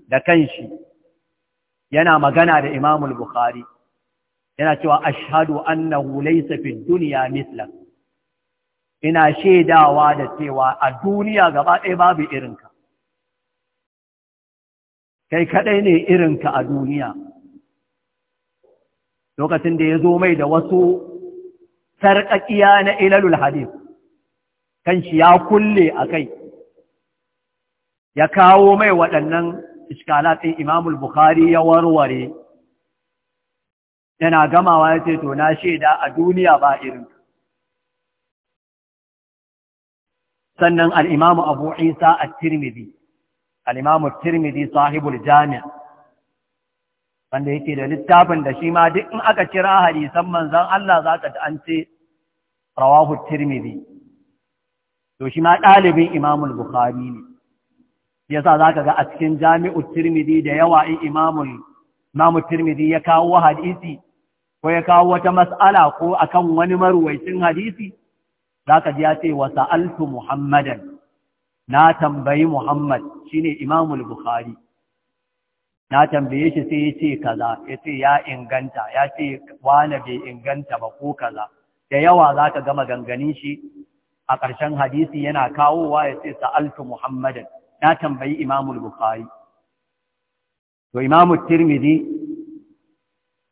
da kanshi yana magana da imamul bukhari yana cewa ashhadu annahu laysa fid dunya mithla ina shaidawa da cewa a duniya gaba ɗaya babu irinka kai kaɗai ne irinka a duniya lokacin da ya zo mai da wasu sarƙaƙiya na ilalul hadis kan shi ya kulle a kai ya kawo mai waɗannan iskalatin imamul bukhari ya warware yana gamawa ya ce to na shaida a duniya ba irin sannan al'imamu abu isa a tirmidhi al'imamu tirmidhi sahibul jami'a wanda yake da littafin da shi ma duk in aka kira hadisan manzan Allah za ka an ce rawahu tirmidhi to shi ma ɗalibin imamul bukhari ne yasa za ka ga a cikin jami'ul tirmidhi da yawa in imamul imamu tirmidhi ya kawo hadisi ko ya kawo wata mas'ala ko akan wani marwaicin hadisi za ka ji ya ce wa sa'altu muhammadan na tambayi muhammad shine imamul bukhari na tambaye shi sai ya ce kaza ya ce ya inganta ya ce wane bai inganta ba ko kaza da yawa za ka gama ganganin shi a ƙarshen hadisi yana kawowa ya ce sa'altu muhammadin na tambayi imamul bukhari to imamul tirmidhi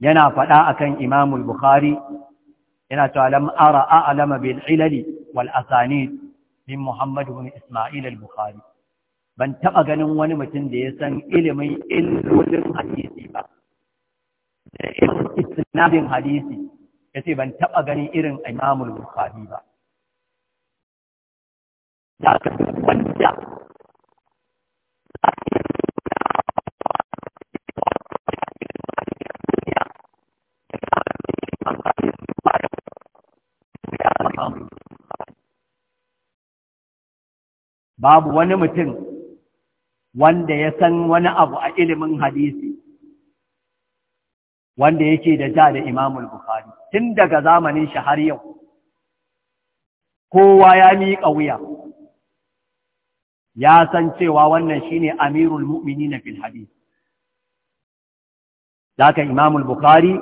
yana faɗa akan imamul bukhari yana cewa ara a'lama bil ilali wal asani min Muhammadu ibn isma'il al bukhari ban taɓa ganin wani mutum da ya san ilimin illolin hadisi ba da ilimin istinadin hadisi ya ce ban taɓa ganin irin imamul bukhari ba da ka wanda babu wani mutum wanda ya san wani abu a ilimin hadisi wanda yake da ja da imamul bukhari tun daga zamanin shi har yau kowa ya miƙa wuya ya san cewa wannan shine amirul mu'minin fil hadith zaka imamul bukhari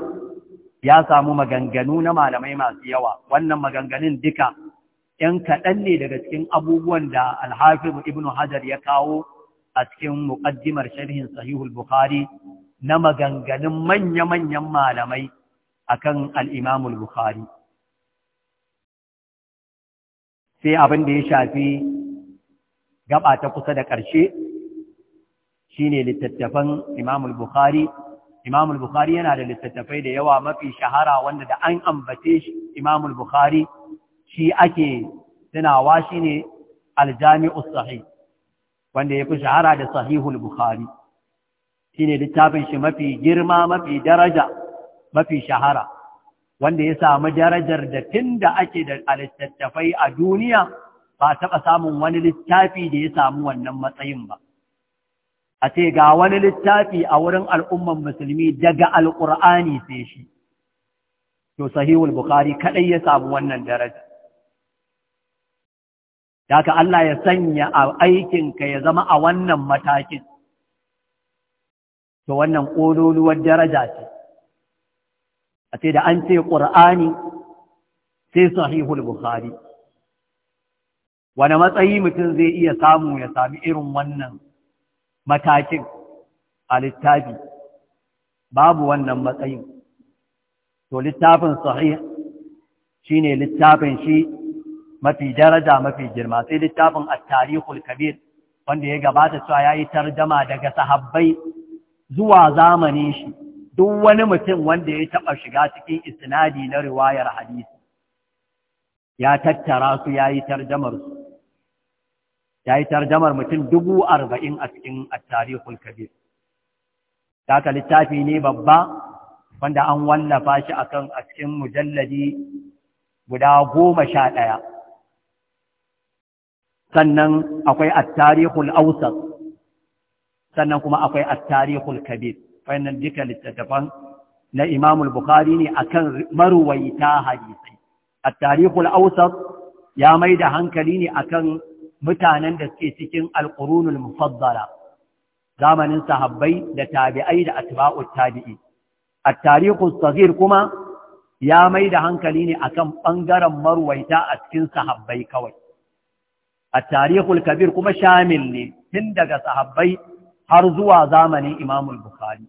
ya samu maganganu na malamai masu yawa wannan maganganun duka ‘yan kaɗan ne daga cikin abubuwan da alhafizu ibn hajar ya kawo a cikin muƙaddimar sharhin sahihul bukhari na maganganun manya-manyan malamai akan al'imamul bukhari sai abin da ya shafi gaba ta kusa da ƙarshe shine littattafan imamul bukhari imamul bukhari yana da littattafai da yawa mafi shahara wanda da an ambace shi imamul bukhari shi ake tunawa shine aljami'u sahih wanda ya fi shahara da sahihul bukhari shine littafin shi mafi girma mafi daraja mafi shahara wanda ya samu darajar da tun da ake da alittattafai a duniya ba taɓa samun wani littafi da ya samu wannan matsayin ba a ce ga wani littafi a wurin al'umman musulmi daga Alkur'ani sai shi to sahihul bukhari kaɗai ya samu wannan daraja Daka Allah ya sanya a aikinka ya zama a wannan matakin, to wannan ƙololuwar daraja ce, a ce da an ce ƙur'ani sai sahihul Bukhari. Wane matsayi mutum zai iya samu ya sami irin wannan matakin a littafi, babu wannan matsayin. To littafin sahih shi ne littafin shi mafi daraja mafi girma sai littafin at kabir wanda ya gabata cewa yayi tarjama daga sahabbai zuwa zamanin shi duk wani mutum wanda ya taba shiga cikin isnadi na riwayar hadisi ya tattara su yayi tarjamar su yayi mutum dubu arba'in a cikin at kabir Taka littafi ne babba wanda an wallafa shi akan a cikin mujalladi guda goma sha ɗaya sannan akwai at-tarihul sannan kuma akwai at kabir wannan duka littattafan na Imam al-Bukhari ne akan maruwaita hadisi at-tarihul ya mai da hankali ne akan mutanen da suke cikin al-qurunul mufaddala zamanin sahabbai da tabi'ai da atba'ut tabi'i at-tarihul saghir kuma ya mai da hankali ne akan bangaren Maruwaita a cikin sahabbai kawai at-tarikhul kabir kuma shamil ne tun daga sahabbai har zuwa zamanin Imam al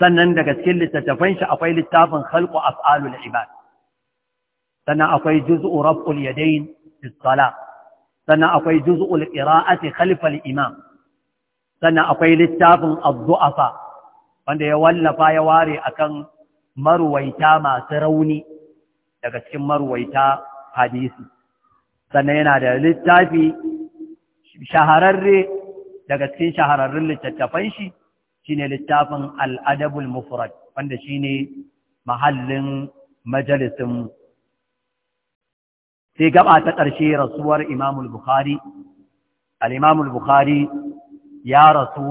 sannan daga cikin littattafan shi akwai littafin khalqu af'alul ibad sannan akwai juz'u raf'ul yadayn fi salat sannan akwai juz'ul qira'ati khalfa imam sannan akwai littafin az-du'afa wanda ya wallafa ya ware akan maruwaita masu rauni daga cikin maruwaita hadisi sannan yana da littafi shahararre daga cikin shahararrun littattafan shi shine littafin al'adabul mufrad wanda shine mahallin majalisin sai gaba ta ƙarshe rasuwar imamul bukhari al'imamul bukhari ya rasu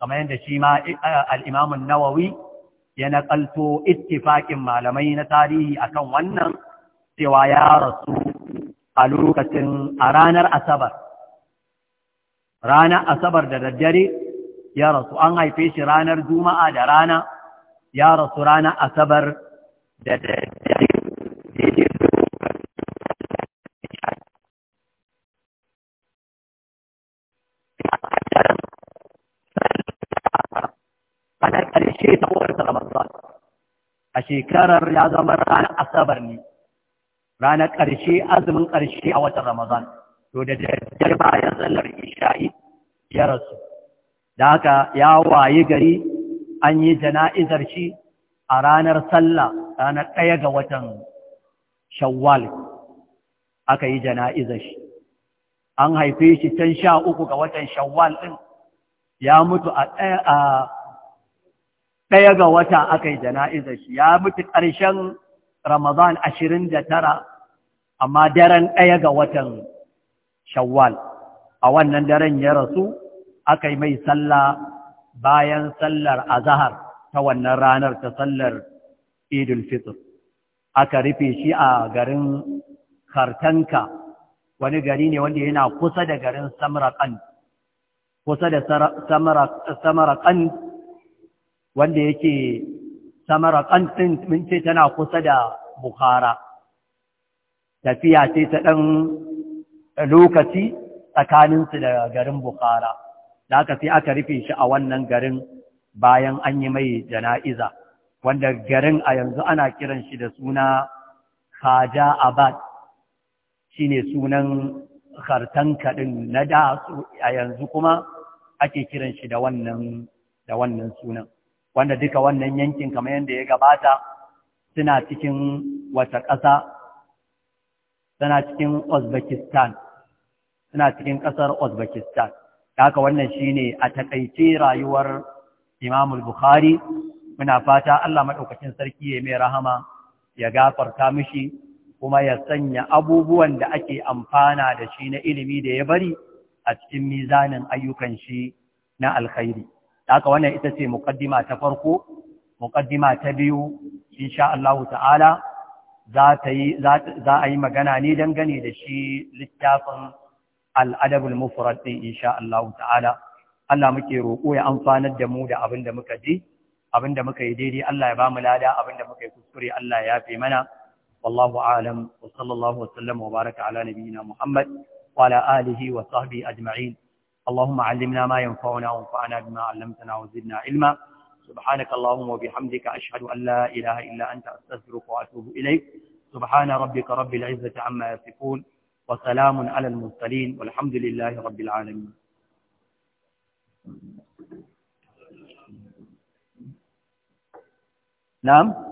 kamar yadda shi ma eh, al'imamun nawawi ya naƙalto ittifaƙin malamai na tarihi akan wannan cewa ya rasu a lokacin a ranar asabar ranar asabar da daddare ya rasu an haife shi ranar juma'a da rana ya rasu ranar asabar da daddare a ƙarshe ta ƙorar ramadan a shekarar ya zama ranar asabar ne ranar ƙarshe azumin ƙarshe a watan Ramadan to da dare bayan sallar isha'i ya rasu da haka ya wayi gari an yi jana'izar shi a ranar sallah ranar ɗaya ga watan shawwal aka yi jana'izar shi an haife shi can sha uku ga watan shawwal ɗin ya mutu a ɗaya ga wata aka yi jana'izar shi ya mutu ƙarshen Ramadan ashirin da tara, amma daren ɗaya ga watan Shawwal, a wannan daren ya rasu, aka yi mai salla bayan sallar azahar ta wannan ranar ta sallar Idul Fitr. Aka rufe shi a garin Kartanka, wani gari ne wanda yana kusa da garin Samarkand, kusa da wanda yake Samara, kantin min ce tana kusa da bukhara tafiya ce ta dan lokaci tsakanin da garin bukhara da aka sai aka rufe shi a wannan garin bayan an yi mai jana'iza wanda garin a yanzu ana kiran shi da suna Khaja Abad shine sunan Khartanka kaɗin na da a yanzu kuma ake kiran shi da wannan sunan wanda duka wannan yankin kamar yadda ya gabata suna cikin wata ƙasa suna cikin uzbekistan suna cikin ƙasar uzbekistan haka wannan shine a takaice rayuwar imamul bukhari muna fata Allah maɗaukacin sarki ya mai rahama ya gafarta mishi kuma ya sanya abubuwan da ake amfana da shi na ilimi da ya bari a cikin mizanin ayyukan shi na alkhairi haka wannan ita ce muqaddima ta farko muqaddima ta biyu insha Allah ta'ala za ta yi za a yi magana ne dangane da shi littafin al-adabul mufrad din insha Allah ta'ala Allah muke roƙo ya amfanar da mu da abin da muka ji abin da muka yi daidai Allah ya ba mu lada abin da muka yi kuskure Allah ya yafe mana wallahu a'lam wa sallallahu wa sallama wa baraka ala nabiyyina Muhammad wa ala alihi wa sahbihi ajma'in اللهم علمنا ما ينفعنا وانفعنا بما علمتنا وزدنا علما سبحانك اللهم وبحمدك أشهد أن لا إله إلا أنت أستغفرك وأتوب إليك سبحان ربك رب العزة عما يصفون وسلام على المرسلين والحمد لله رب العالمين نعم